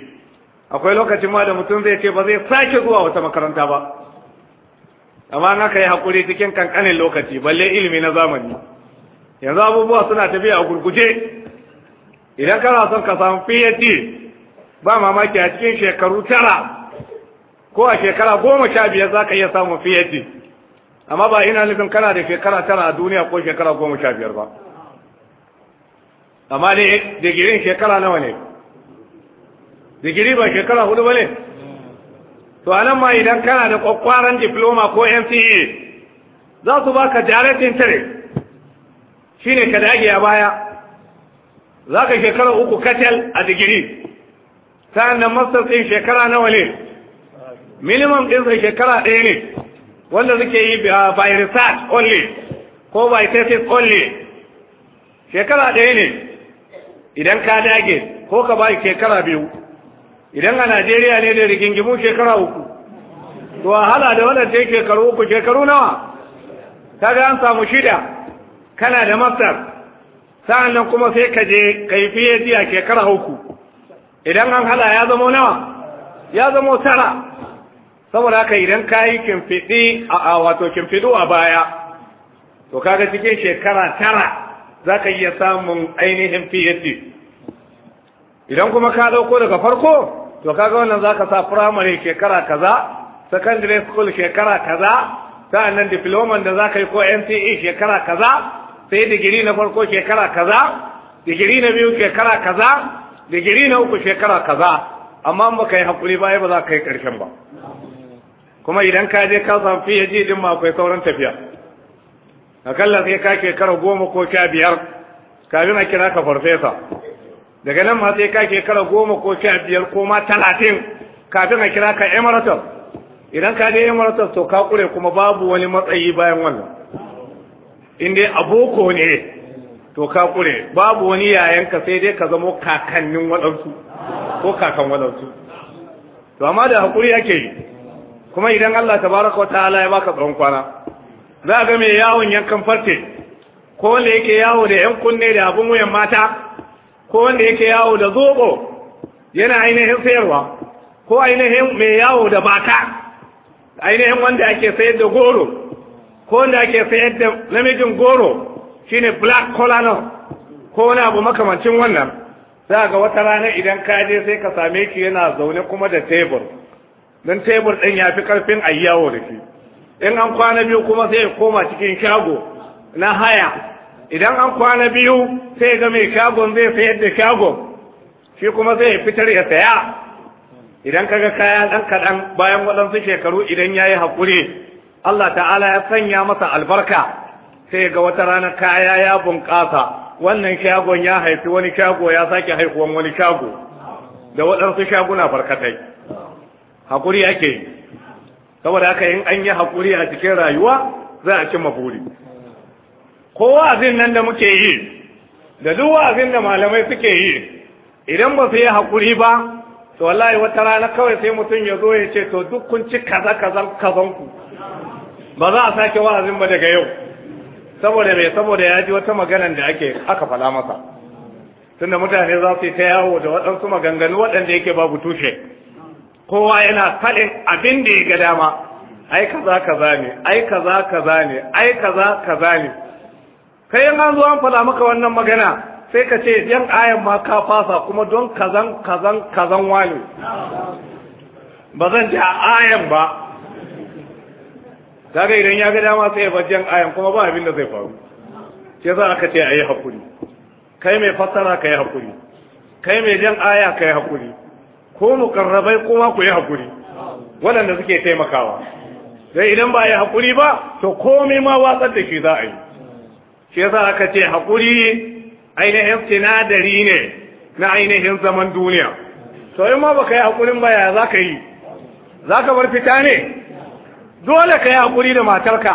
akwai lokacin ma da mutum zai ce ba zai sake zuwa wata makaranta ba amma na ka yi haƙuri cikin kankanin lokaci balle ilimi na zamani yanzu abubuwa suna tafiya a gurguje idan kana son ka samu phd ba mamaki a cikin shekaru tara ko a shekara goma sha biyar za ka iya samun phd amma ba ina nufin kana da shekara tara a duniya ko shekara goma sha biyar ba amma dai digirin shekara nawa ne digiri ba shekara hudu ba ne to anan ma idan kana da kwakwaran diploma ko mca za su baka direct interest shine ka dage a baya za ka shekara uku katel a digiri sa'an nan master ɗin shekara nawa ne minimum ɗinsa shekara ɗaya ne wanda suke yi ah, by research only ko by thesis only shekara ɗaya ne idan ka dage ko ka ba shekara biyu idan a Najeriya ne da rigingimu shekara uku to a hala da wannan sai shekaru uku shekaru nawa ga an samu shida kana da masar sa'an nan kuma sai ka je ka yi fiye jiya shekara uku idan an hala ya zamo nawa ya zamo tara saboda haka idan ka yi kimfiɗi a wato kimfiɗu a baya to kaga cikin shekara tara za ka iya samun ainihin phd idan kuma ka ɗauko daga farko to kaga wannan za ka sa firamare shekara kaza secondary school shekara kaza sa'annan diploman da za ka yi ko nce shekara kaza sai digiri na farko shekara kaza digiri na biyu shekara kaza digiri na uku shekara kaza amma ba ka yi hakuri ba ba za ka yi ƙarshen ba kuma idan ka je ka samu phd din ma akwai sauran tafiya akalla sai ka shekara goma ko sha biyar kafin a kira ka farfesa daga nan ma sai ka shekara goma ko sha biyar ko ma talatin kafin a kira ka emirator idan ka je emirator to ka kure kuma babu wani matsayi bayan wannan in dai aboko ne to ka kure babu wani yayan ka sai dai ka zamo kakannin waɗansu ko kakan waɗansu to amma da haƙuri yake yi kuma idan Allah tabaraka wa ta'ala ya baka tsawon kwana za a ga mai yawon yankan farce ko wanda yake yawo da yan kunne da abin wuyan mata ko wanda yake yawo da zobo yana ainihin sayarwa ko ainihin mai yawo da baka ainihin wanda ake sayar da goro ko wanda ake sayar da namijin goro shine black colonel ko wani abu makamancin wannan za a ga wata rana idan ka je sai ka same ki yana zaune kuma da tebur don tebur ɗin ya fi ƙarfin yawo da shi in an kwana biyu kuma sai ya koma cikin shago na haya idan an kwana biyu sai ga mai shagon zai sayar da shagon shi kuma zai fitar ya saya idan kaga kaya dan kaɗan bayan waɗansu shekaru idan ya yi haƙuri Allah ta'ala ya sanya masa albarka sai ga wata rana kaya ya bunƙasa wannan shagon ya haifi wani shago ya sake haihuwan wani shago da waɗansu shaguna barkatai haƙuri ake yi saboda haka in an yi hakuri a cikin rayuwa za a cimma buri ko wa'azin nan da muke yi da duk wa'azin da malamai suke yi idan ba su yi hakuri ba to wallahi wata rana kawai sai mutum ya zo ya ce to duk kun ci kaza kaza kazan ku ba za a sake wa'azin ba daga yau saboda me saboda ya ji wata maganan da ake aka fala masa tunda mutane za su yi ta yawo da waɗansu maganganu waɗanda yake babu tushe kowa yana faɗin abin da ya ga dama ai kaza kaza ne ai kaza kaza ne ai kaza kaza ne kai in an zo an faɗa maka wannan magana sai ka ce yan ayan ma ka fasa kuma don kazan kazan kazan wani ba zan ji a ayan ba kaga idan ya ga dama sai ya bar yan ayan kuma ba abin da zai faru sai za aka ce ayi hakuri kai mai fassara kai hakuri kai mai jan aya kai hakuri ko muƙarrabai kuma ku yi hakuri waɗanda suke taimakawa Sai idan ba yi hakuri ba to komai ma watsar da shi za a yi shi yasa aka ce hakuri ainihin sinadari ne na ainihin zaman duniya to in ma baka yi hakurin ba ya za ka yi za ka bar fita ne dole ka yi hakuri da matarka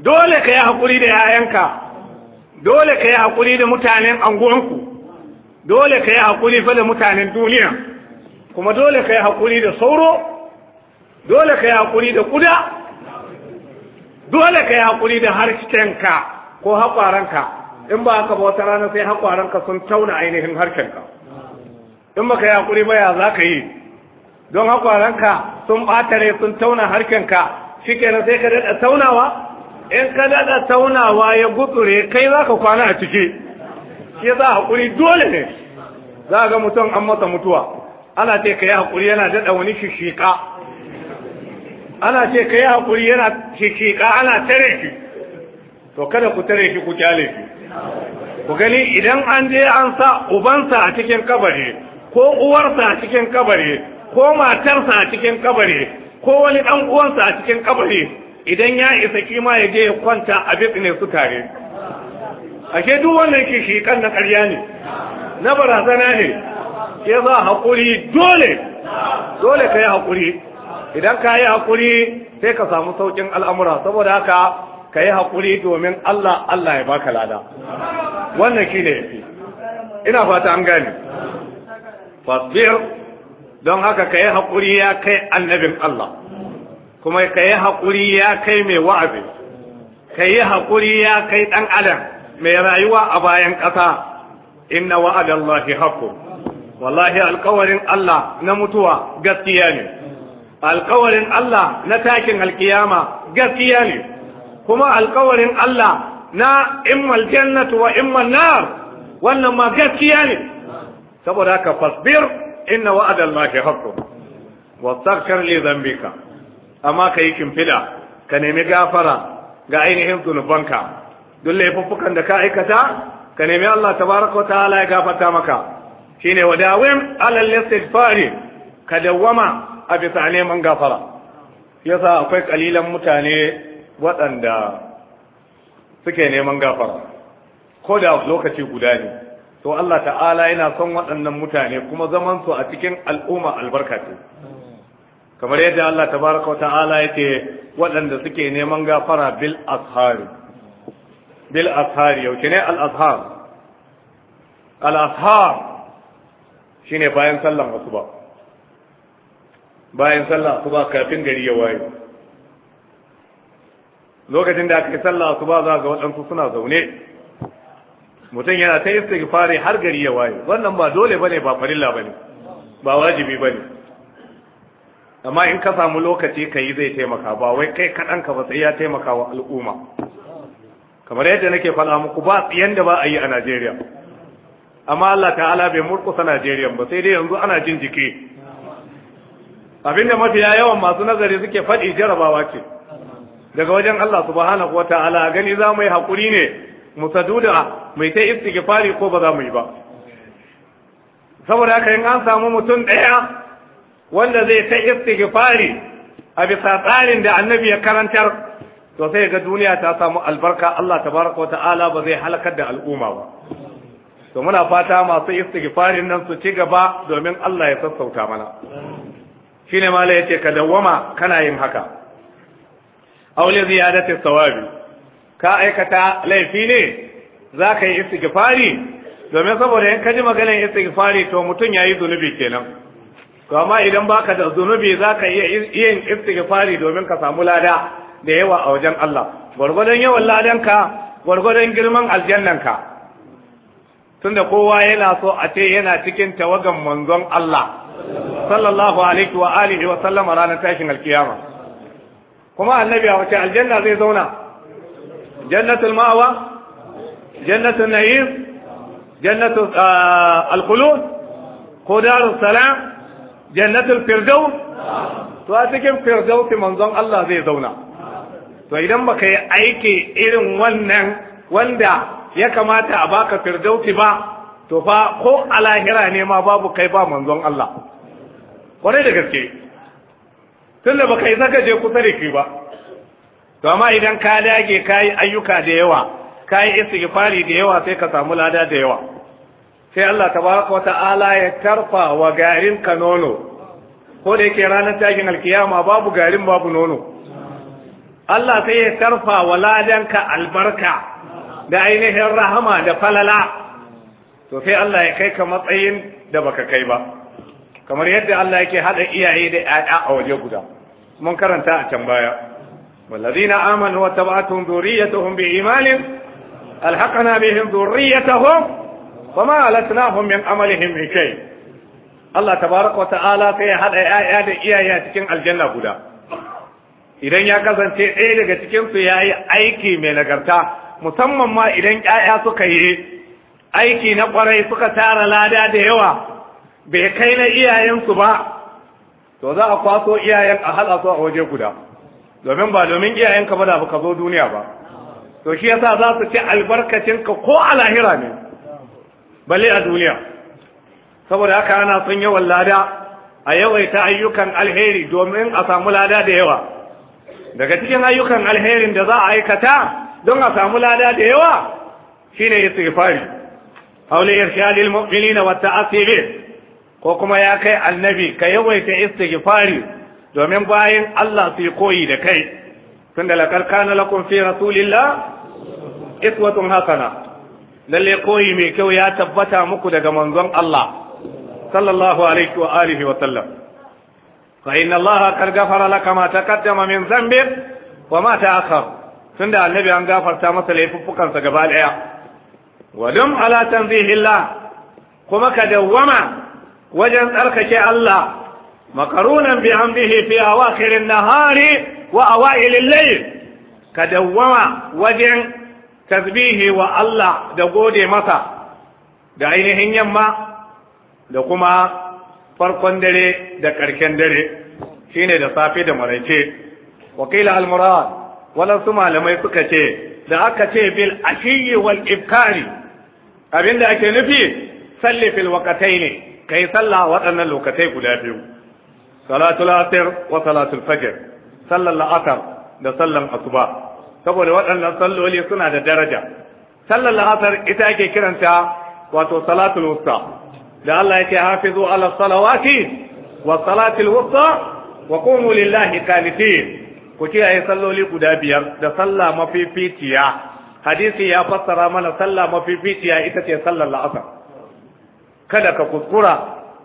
dole ka yi hakuri da 'ya'yanka dole ka yi hakuri da mutanen anguwanku dole ka yi hakuri fa da mutanen duniya kuma dole ka yi haƙuri da sauro dole ka yi haƙuri da ƙuda dole ka yi haƙuri da harshenka ko haƙwaranka in ba haka ba wata rana sai haƙwaranka sun tauna ainihin harshenka in ba ka yi haƙuri ba ya za ka yi don haƙwaranka sun ɓatare sun tauna harshenka shi kenan sai ka daɗa taunawa in ka daɗa taunawa ya gutsure kai za ka kwana a ciki shi za haƙuri dole ne za ga mutum an masa mutuwa ana ce ka yi haƙuri yana daɗa wani shishika ana ce ka yi yana shishika ana tare shi to kada ku tare shi ku kyale shi ku gani idan an je an sa ubansa a cikin kabari ko uwarsa a cikin kabari ko matarsa a cikin kabari ko wani ɗan uwansa a cikin kabari idan ya isa kima ya je ya kwanta a ne su tare ashe duk wannan kishikan na ƙarya ne na barazana ne ke za haƙuri dole dole ka yi haƙuri idan ka yi haƙuri sai ka samu sauƙin al'amura saboda haka ka yi haƙuri domin Allah Allah ya baka lada wannan shi ne yafi ina fata an gane fasbir don haka ka yi haƙuri ya kai annabin Allah kuma ka yi haƙuri ya kai mai wa'azi ka yi haƙuri ya kai ɗan adam mai rayuwa a bayan ƙasa inna wa'adallahi haqqun wallahi alkawarin Allah na mutuwa gaskiya ne alkawarin Allah na takin alkiyama gaskiya ne kuma alkawarin Allah na immal jannatu wa immal nar wannan ma gaskiya ne saboda haka fasbir inna wa'ada Allah haqqun wastaghfir li dhanbika amma kai kimfida ka nemi gafara ga ainihin zunubanka duk laifuffukan da ka aikata ka nemi Allah tabaraka wa ta'ala ya gafarta maka shine wadawim alal istighfari ka dawwama a bisa neman gafara yasa akwai kalilan mutane waɗanda suke neman gafara ko da lokaci guda ne to Allah ta'ala yana son waɗannan mutane kuma zaman su a cikin al'umma albarka ce kamar yadda Allah tabaraka wa ta'ala yake waɗanda suke neman gafara bil ashari bil ashari yau ne al ashar al ashar shine bayan sallan asuba bayan sallan asuba kafin gari ya waye lokacin da aka yi sallan asuba za ga waɗansu suna zaune mutum yana ta istighfari har gari ya waye wannan ba dole bane ba farilla bane ba wajibi bane amma in ka samu lokaci ka yi zai taimaka ba wai kai kaɗan ka ba sai ya taimaka wa al'umma kamar yadda nake faɗa muku ba tsiyan da ba a yi a Najeriya amma Allah ta'ala bai murkusa Najeriya ba sai dai yanzu ana jin jiki abinda mafiya yawan masu nazari suke faɗi jarabawa ce daga wajen Allah subhanahu wata'ala gani za mu yi hakuri ne mu saduda mai ta istighfari ko ba za mu yi ba saboda haka in an samu mutum ɗaya wanda zai ta istighfari a bisa tsarin da annabi ya karantar to sai ga duniya ta samu albarka Allah tabaraka wa ta'ala ba zai halakar da al'umma ba to muna fata masu istighfarin nan su ci gaba domin Allah ya sassauta mana shine mala yace ka dawwama kana yin haka awli ziyadati sawabi ka aikata laifi ne zaka yi istighfari domin saboda in ka ji maganar istighfari to mutum yayi zunubi kenan to amma idan baka da zunubi zaka iya yin istighfari domin ka samu lada da yawa a wajen Allah gwargwadon yawan ladanka gwargwadon girman aljannanka tunda kowa yana so a ce yana cikin tawagan manzon Allah sallallahu alaihi wa alihi wa sallama ranar tashin alkiyama kuma annabi a wace aljanna zai zauna jannatul ma'awa jannatul na'im jannatul ah, alkhulud ko darus salam jannatul firdaus to a cikin firdaus manzon Allah zai zauna to idan baka yi aiki irin wannan wanda ya kamata a baka firdausi ba to fa ko a lahira ne ma babu kai ba manzon Allah kwarai da gaske tunda ba kai zaka je kusa da kai ba to amma idan ka dage ka yi ayyuka da yawa ka yi istighfari da yawa sai ka samu lada da yawa sai Allah tabaraka wa ta'ala ya tarfa wa garin ka nono ko da yake ranar tashin alkiyama babu garin babu nono Allah sai ya tarfa wa ladanka albarka da ainihin rahama da falala to Allah ya kai ka matsayin da baka kai ba kamar yadda Allah yake hada iyaye da 'ya'ya a waje guda mun karanta a can baya wallazina amanu wa tabatun na biimanin alhaqna bihim dhurriyyatahum wama alatnahum min amalihim min shay Allah tabaraka wa ta'ala sai ya hada 'ya'ya da iyaye a cikin aljanna guda idan ya kasance ɗaya daga cikinsu su yayi aiki mai nagarta musamman ma idan ƴaƴa suka yi aiki na ƙwarai suka tara lada da yawa bai kai na iyayensu ba to za a kwaso iyayen a haɗa su a waje guda domin ba domin iyayenka ba da baka zo duniya ba to shi yasa za su ci albarkacinka ko a lahira ne balle a duniya saboda haka ana son yawan lada a yawaita ayyukan alheri domin a samu lada da yawa daga cikin ayyukan alherin da za a aikata don a samu lada da yawa shine istighfari aw li irshad al mu'minina wa ta'asiri ko kuma ya kai annabi ka yawaita istighfari domin bayan Allah suyi koyi da kai tunda laqad kana lakum fi rasulillah iswatun hasana lalle koyi mai kyau ya tabbata muku daga manzon Allah sallallahu alaihi wa alihi wa sallam fa inna Allah qad ghafara laka taqaddama min dhanbik wa ma ta'akhkhara Tun da annabi an gafarta masa laifuffukansa gaba ɗaya, wa dum ala tanzihillah kuma ka dawwama wajen tsarkake Allah makarunan bi hamdihi fi awakhirin nahari wa awailil layl ka dawwama wajen tasbihi wa Allah da gode masa da ainihin yamma da kuma farkon dare da ƙarshen dare shine da safe da maraice wakila al waɗansu malamai suka ce da aka ce bil ashiyi wal ibkari abinda ake nufi salli fil waqatai ne kai sallah waɗannan lokatai guda biyu salatul asr wa salatul fajr sallar la'asar da sallan asuba saboda waɗannan salloli suna da daraja sallar la'asar ita ake kiranta wato salatul wusta da Allah yake hafizu ala salawati wa salatul wusta wa qumu lillahi qanitin ku kiyaye salloli guda biyar da sallah mafificiya hadisi ya fassara mana sallah mafificiya ita ce sallar la'asar kada ka kuskura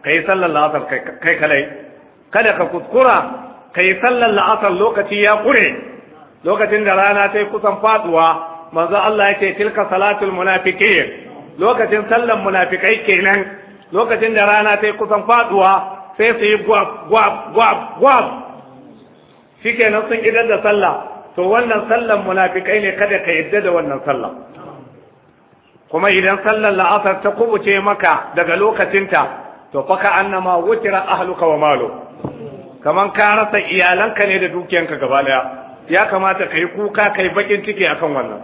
ka yi sallar la'asar kai kalai kada ka kuskura ka yi sallar la'asar lokaci ya kure lokacin da rana ta yi kusan faduwa manzo Allah yake tilka salatul munafiqin lokacin sallar munafikai kenan lokacin da rana ta kusan faduwa sai su yi gwab gwab gwab gwab shikenan sun idar da sallah to wannan sallan munafikai ne kada ka yadda da wannan sallah kuma idan sallar la'asar ta kubuce maka daga lokacinta to fa ka annama wutira ahluka wa malo kaman ka rasa iyalanka ne da dukiyanka gaba daya ya kamata kai kuka kai bakin ciki akan wannan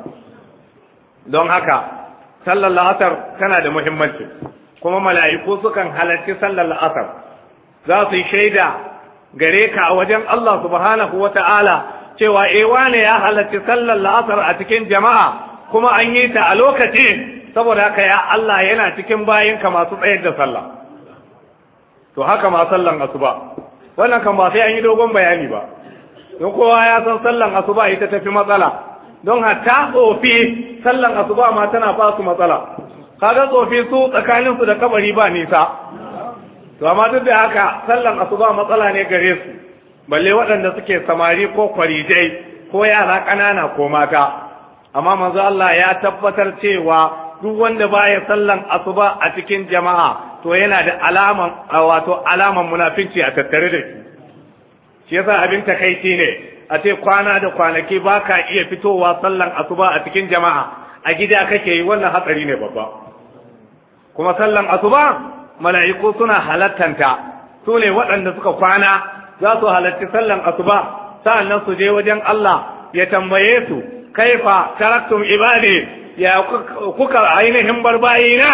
don haka sallar la'asar tana da muhimmanci kuma mala'iku sukan halarci sallar la'asar za su yi shaida gare ka a wajen Allah subhanahu wa ta'ala cewa eh wane ya halarci sallar la'asar a cikin jama'a kuma an yi ta a lokaci saboda haka ya Allah yana cikin bayinka masu tsayar da sallah to haka ma sallan asuba wannan kan ba sai an yi dogon bayani ba don kowa ya san sallan asuba ita tafi matsala don hatta tsofi sallan asuba ma tana ba su matsala kaga tsofi su tsakaninsu da kabari ba nisa to amma duk da haka sallan asuba matsala ne gare su balle waɗanda suke samari ko kwarijai ko yara ƙanana ko mata amma manzo Allah ya tabbatar cewa duk wanda baya sallan asuba a cikin jama'a to yana da alaman wato alaman munafici a tattare da shi shi yasa abin takaici ne a ce kwana da kwanaki ba ka iya fitowa sallan asuba a cikin jama'a a gida kake yi wannan hatsari ne babba kuma sallan asuba mala'iku suna halattanta su ne waɗanda suka kwana za su halarci sallan asuba sa'annan su je wajen Allah ya tambaye su kaifa taraktum ibadi ya kuka ainihin barbayina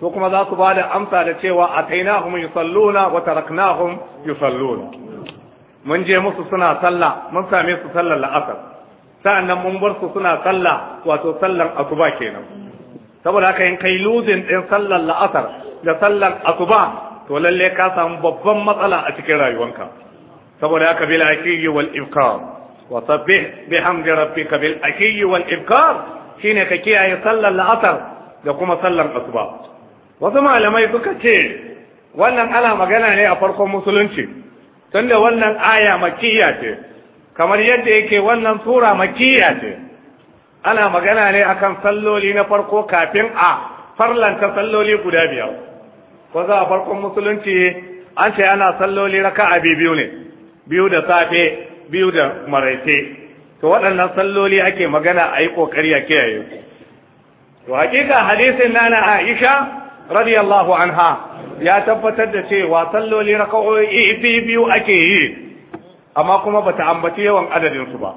to kuma za su bada amsa da cewa atainahum yusalluna wa taraknahum yusalluna mun je musu suna sallah mun same su sallar la'asar sa'annan mun bar su suna sallah wato sallan asuba kenan saboda haka in kai luzin din sallar la'asar da sallar asuba to lalle ka samu babban matsala a cikin rayuwanka saboda haka bil akiyyi wal ibkar wa sabbih bihamdi rabbika bil akiyyi wal ibkar shine ka kiyaye sallar la'asar da kuma sallar asuba wasu malamai suka ce wannan ana magana ne a farkon musulunci tunda wannan aya makiyya ce kamar yadda yake wannan sura makiyya ce ana magana ne akan salloli na farko kafin a farlanta salloli guda biyar ko za a farkon musulunci an ce ana salloli raka'a biyu ne biyu da safe biyu da maraice to waɗannan salloli ake magana a yi ƙoƙari a kiyaye to hakika hadisin nana Aisha radiyallahu anha ya tabbatar da cewa salloli raka'o'i biyu ake yi amma kuma ba ta ambaci yawan adadin su ba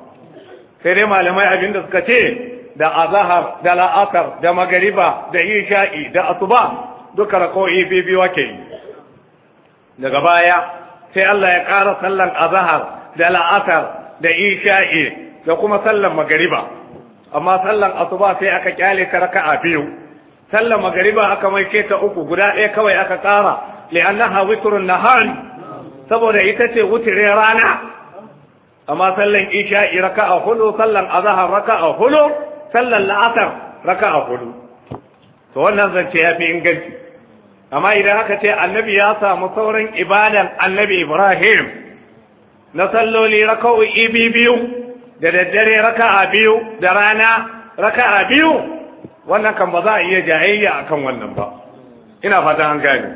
sai dai malamai abin da suka ce da azahar da la'asar da magariba da isha'i da asuba duka rako'i biyu wake yi daga baya sai Allah ya ƙara sallan azahar da la'asar da isha'i da kuma sallan magariba amma sallan asuba sai aka kyale ta raka'a biyu sallan magariba aka mai ta uku guda ɗaya kawai aka ƙara li'annaha witrun nahari saboda ita ce wutirin rana amma sallan isha'i raka'a hudu sallan azahar raka'a hudu sallan la'asar raka'a hudu to wannan zance ya fi inganci amma idan haka ce annabi ya samu sauran ibadan annabi ibrahim na salloli raka'o'i biyu da daddare raka'a biyu da rana raka'a biyu wannan kan ba za a iya jayayya akan wannan ba ina fatan an gane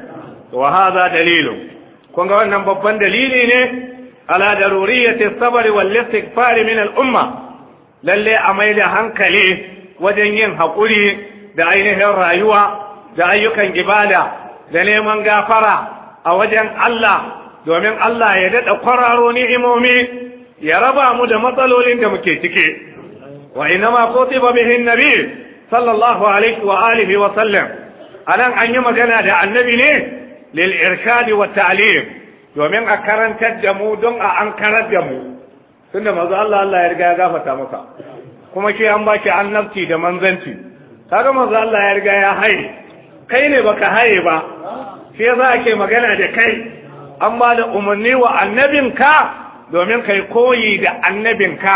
wa hadha dalilu. kun ga wannan babban dalili ne ala daruriyati sabr wal istighfar min al umma lalle a mai da hankali wajen yin haƙuri da ainihin rayuwa da ayyukan ibada da neman gafara a wajen Allah domin Allah ya daɗa kwararo ni'imomi ya raba mu da matsalolin da muke ciki wa inama kutiba bihi nabi sallallahu alaihi wa alihi wa sallam anan an yi magana da annabi ne lil irshad wa ta'lim domin a karantar da mu don a ankarar da mu tunda manzo Allah Allah ya riga ya gafarta masa kuma ki an baki annabci da manzanci kaga manzo Allah ya riga ya haye kai ne baka haye ba shi yasa ake magana da kai amma da umarni wa annabinka domin kai koyi da annabinka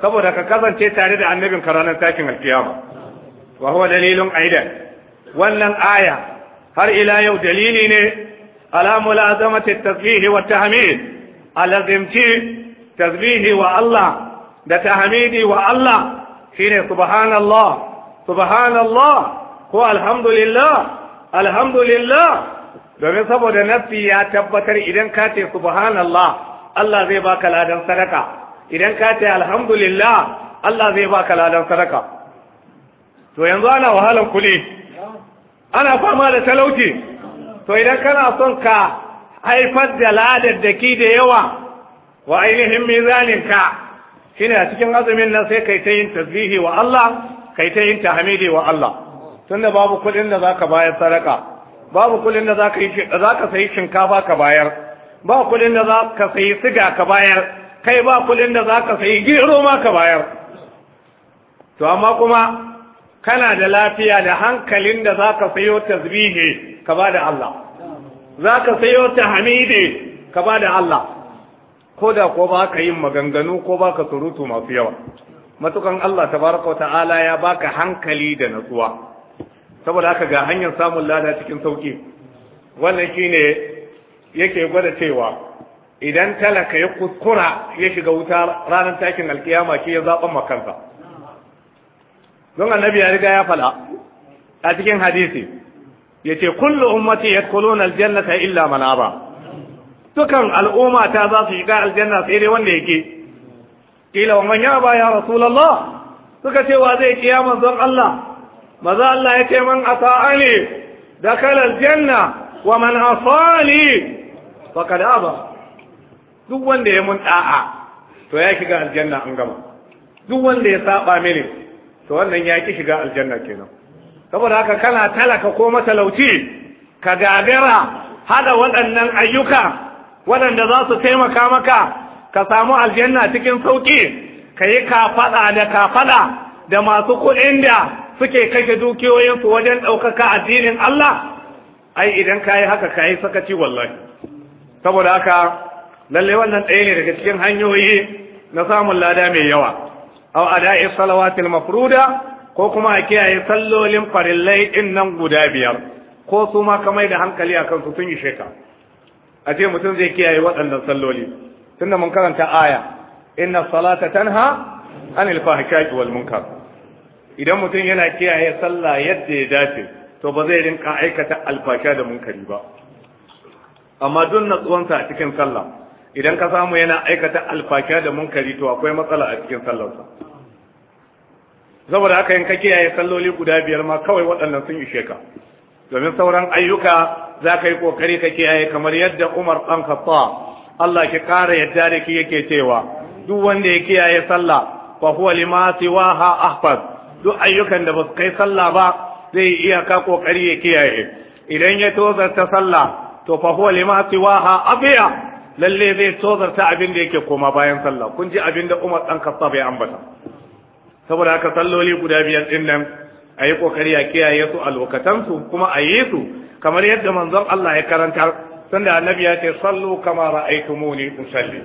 saboda ka kasance tare da annabinka ranar takin alkiyama wa huwa dalilun aidan wannan aya har ila yau dalili ne ala mulazamati tasbihi wa tahmid alazimti tasbihi wa Allah da tahmidi wa Allah shine subhanallah subhanallah ko alhamdulillah alhamdulillah domin saboda nafi ya tabbatar idan ka ce subhanallah Allah zai baka ladan sadaka idan ka ce alhamdulillah Allah zai baka ladan sadaka to yanzu ana wahalan kuli, ana fama da talauci to idan kana son ka haifar da ladar da ki da yawa wa ainihin mizanin ka shine a cikin azumin nan sai kai ta yin tasbihi wa Allah kai ta yin tahmidi wa Allah tunda babu kuɗin da zaka bayar sadaka babu kuɗin da zaka yi zaka sayi shinkafa ka bayar ba kuɗin da zaka sayi siga ka bayar kai ba kuɗin da zaka sayi gero ma ka bayar to amma kuma kana da lafiya da hankalin da zaka sayo tasbihi ka ba da Allah zaka sayo tahmidi ka ba da Allah ko da ko ba ka yin maganganu ko ba ka surutu masu yawa matukan Allah tabaraka wa ta'ala ya baka hankali da natsuwa saboda haka ga hanyar samun lada cikin sauki wannan shine yake gwada cewa idan talaka ya kuskura ya shiga wuta ranar takin alkiyama shi ya zaɓa makansa don annabi ya riga ya fala a cikin hadisi ya ce kullu ummati yadkhuluna aljannata illa man aba dukan al'umma ta za su shiga aljanna sai dai wanda yake kila wa man yaba ya rasulullah suka ce wa zai kiyama don Allah maza Allah ya ce man da kalar Janna wa man ka faqad ba. duk wanda ya mun da'a to ya shiga aljanna an gama duk wanda ya saba mini to wannan ya ki shiga aljanna kenan saboda haka kana talaka ko matalauci ka gagara hada waɗannan ayyuka waɗanda za su taimaka maka ka samu aljanna cikin sauƙi ka yi kafaɗa da kafaɗa da masu kuɗin da suke kashe dukiyoyinsu wajen ɗaukaka addinin Allah ai idan kayi haka kayi sakaci wallahi saboda haka lalle wannan ɗaya ne daga cikin hanyoyi na samun lada mai yawa a ada'i salawatil mafruda ko kuma a kiyaye sallolin farillai din nan guda biyar ko su ma kamar da hankali a kansu sun yi sheka a ce mutum zai kiyaye waɗannan salloli tunda mun karanta aya inna salata tanha anil fahsha'i wal munkar idan mutum yana kiyaye sallah yadda ya dace to ba zai rinka aikata alfasha da munkari ba amma duk natsuwansa a cikin sallah idan ka samu yana aikata alfasha da munkari to akwai matsala a cikin sallarsa saboda haka in ka kiyaye salloli guda biyar ma kawai waɗannan sun ishe ka domin sauran ayyuka za ka yi ƙoƙari ka kiyaye kamar yadda umar ɗan khattab Allah ki ƙara yadda da ki yake cewa duk wanda ya kiyaye sallah fa huwa lima siwaha ahfaz duk ayyukan da ba su kai sallah ba zai iyaka kokari ya kiyaye idan ya tozarta sallah to fa huwa lima siwaha abiya lalle zai tozarta abin da yake koma bayan sallah kun ji abin da Umar dan Khattab ya ambata saboda haka salloli guda biyar din nan ayi kokari ya kiyaye su a lokacin su kuma a yi su kamar yadda manzon Allah ya karantar sanda annabi ya ce sallu kama ra'aytumuni usalli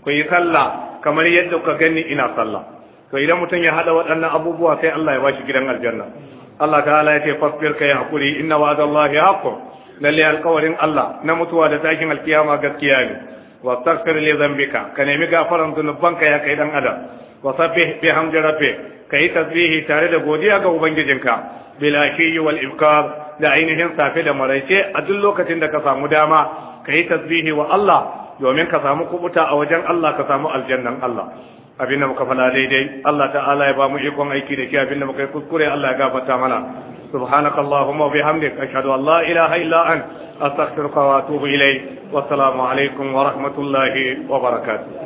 ku yi sallah kamar yadda kuka gani ina sallah to idan mutum ya hada waɗannan abubuwa sai Allah ya bashi gidan aljanna Allah ta'ala ya ce ka kai hakuri inna wa'adallahi haqqun lalle alƙawarin Allah na mutuwa da tashin alkiyama gaskiya ne wa taghfir li dhanbika ka nemi gafaran zunubanka ya kai dan adam wa sabbih bi hamdi rabbik yi tasbihi tare da godiya ga ubangijinka bil ashi wal ibkar da ainihin safe da maraice a duk lokacin da ka samu dama yi tasbihi wa Allah domin ka samu kubuta a wajen Allah ka samu aljannan Allah abin da muka fada daidai Allah ta'ala ya ba mu ikon aiki da ke abin da muka yi kuskure Allah ya gafarta mana subhanaka allahumma wa bihamdik ashhadu an la ilaha illa an astaghfiruka wa atubu ilayk wa assalamu alaikum wa rahmatullahi wa barakatuh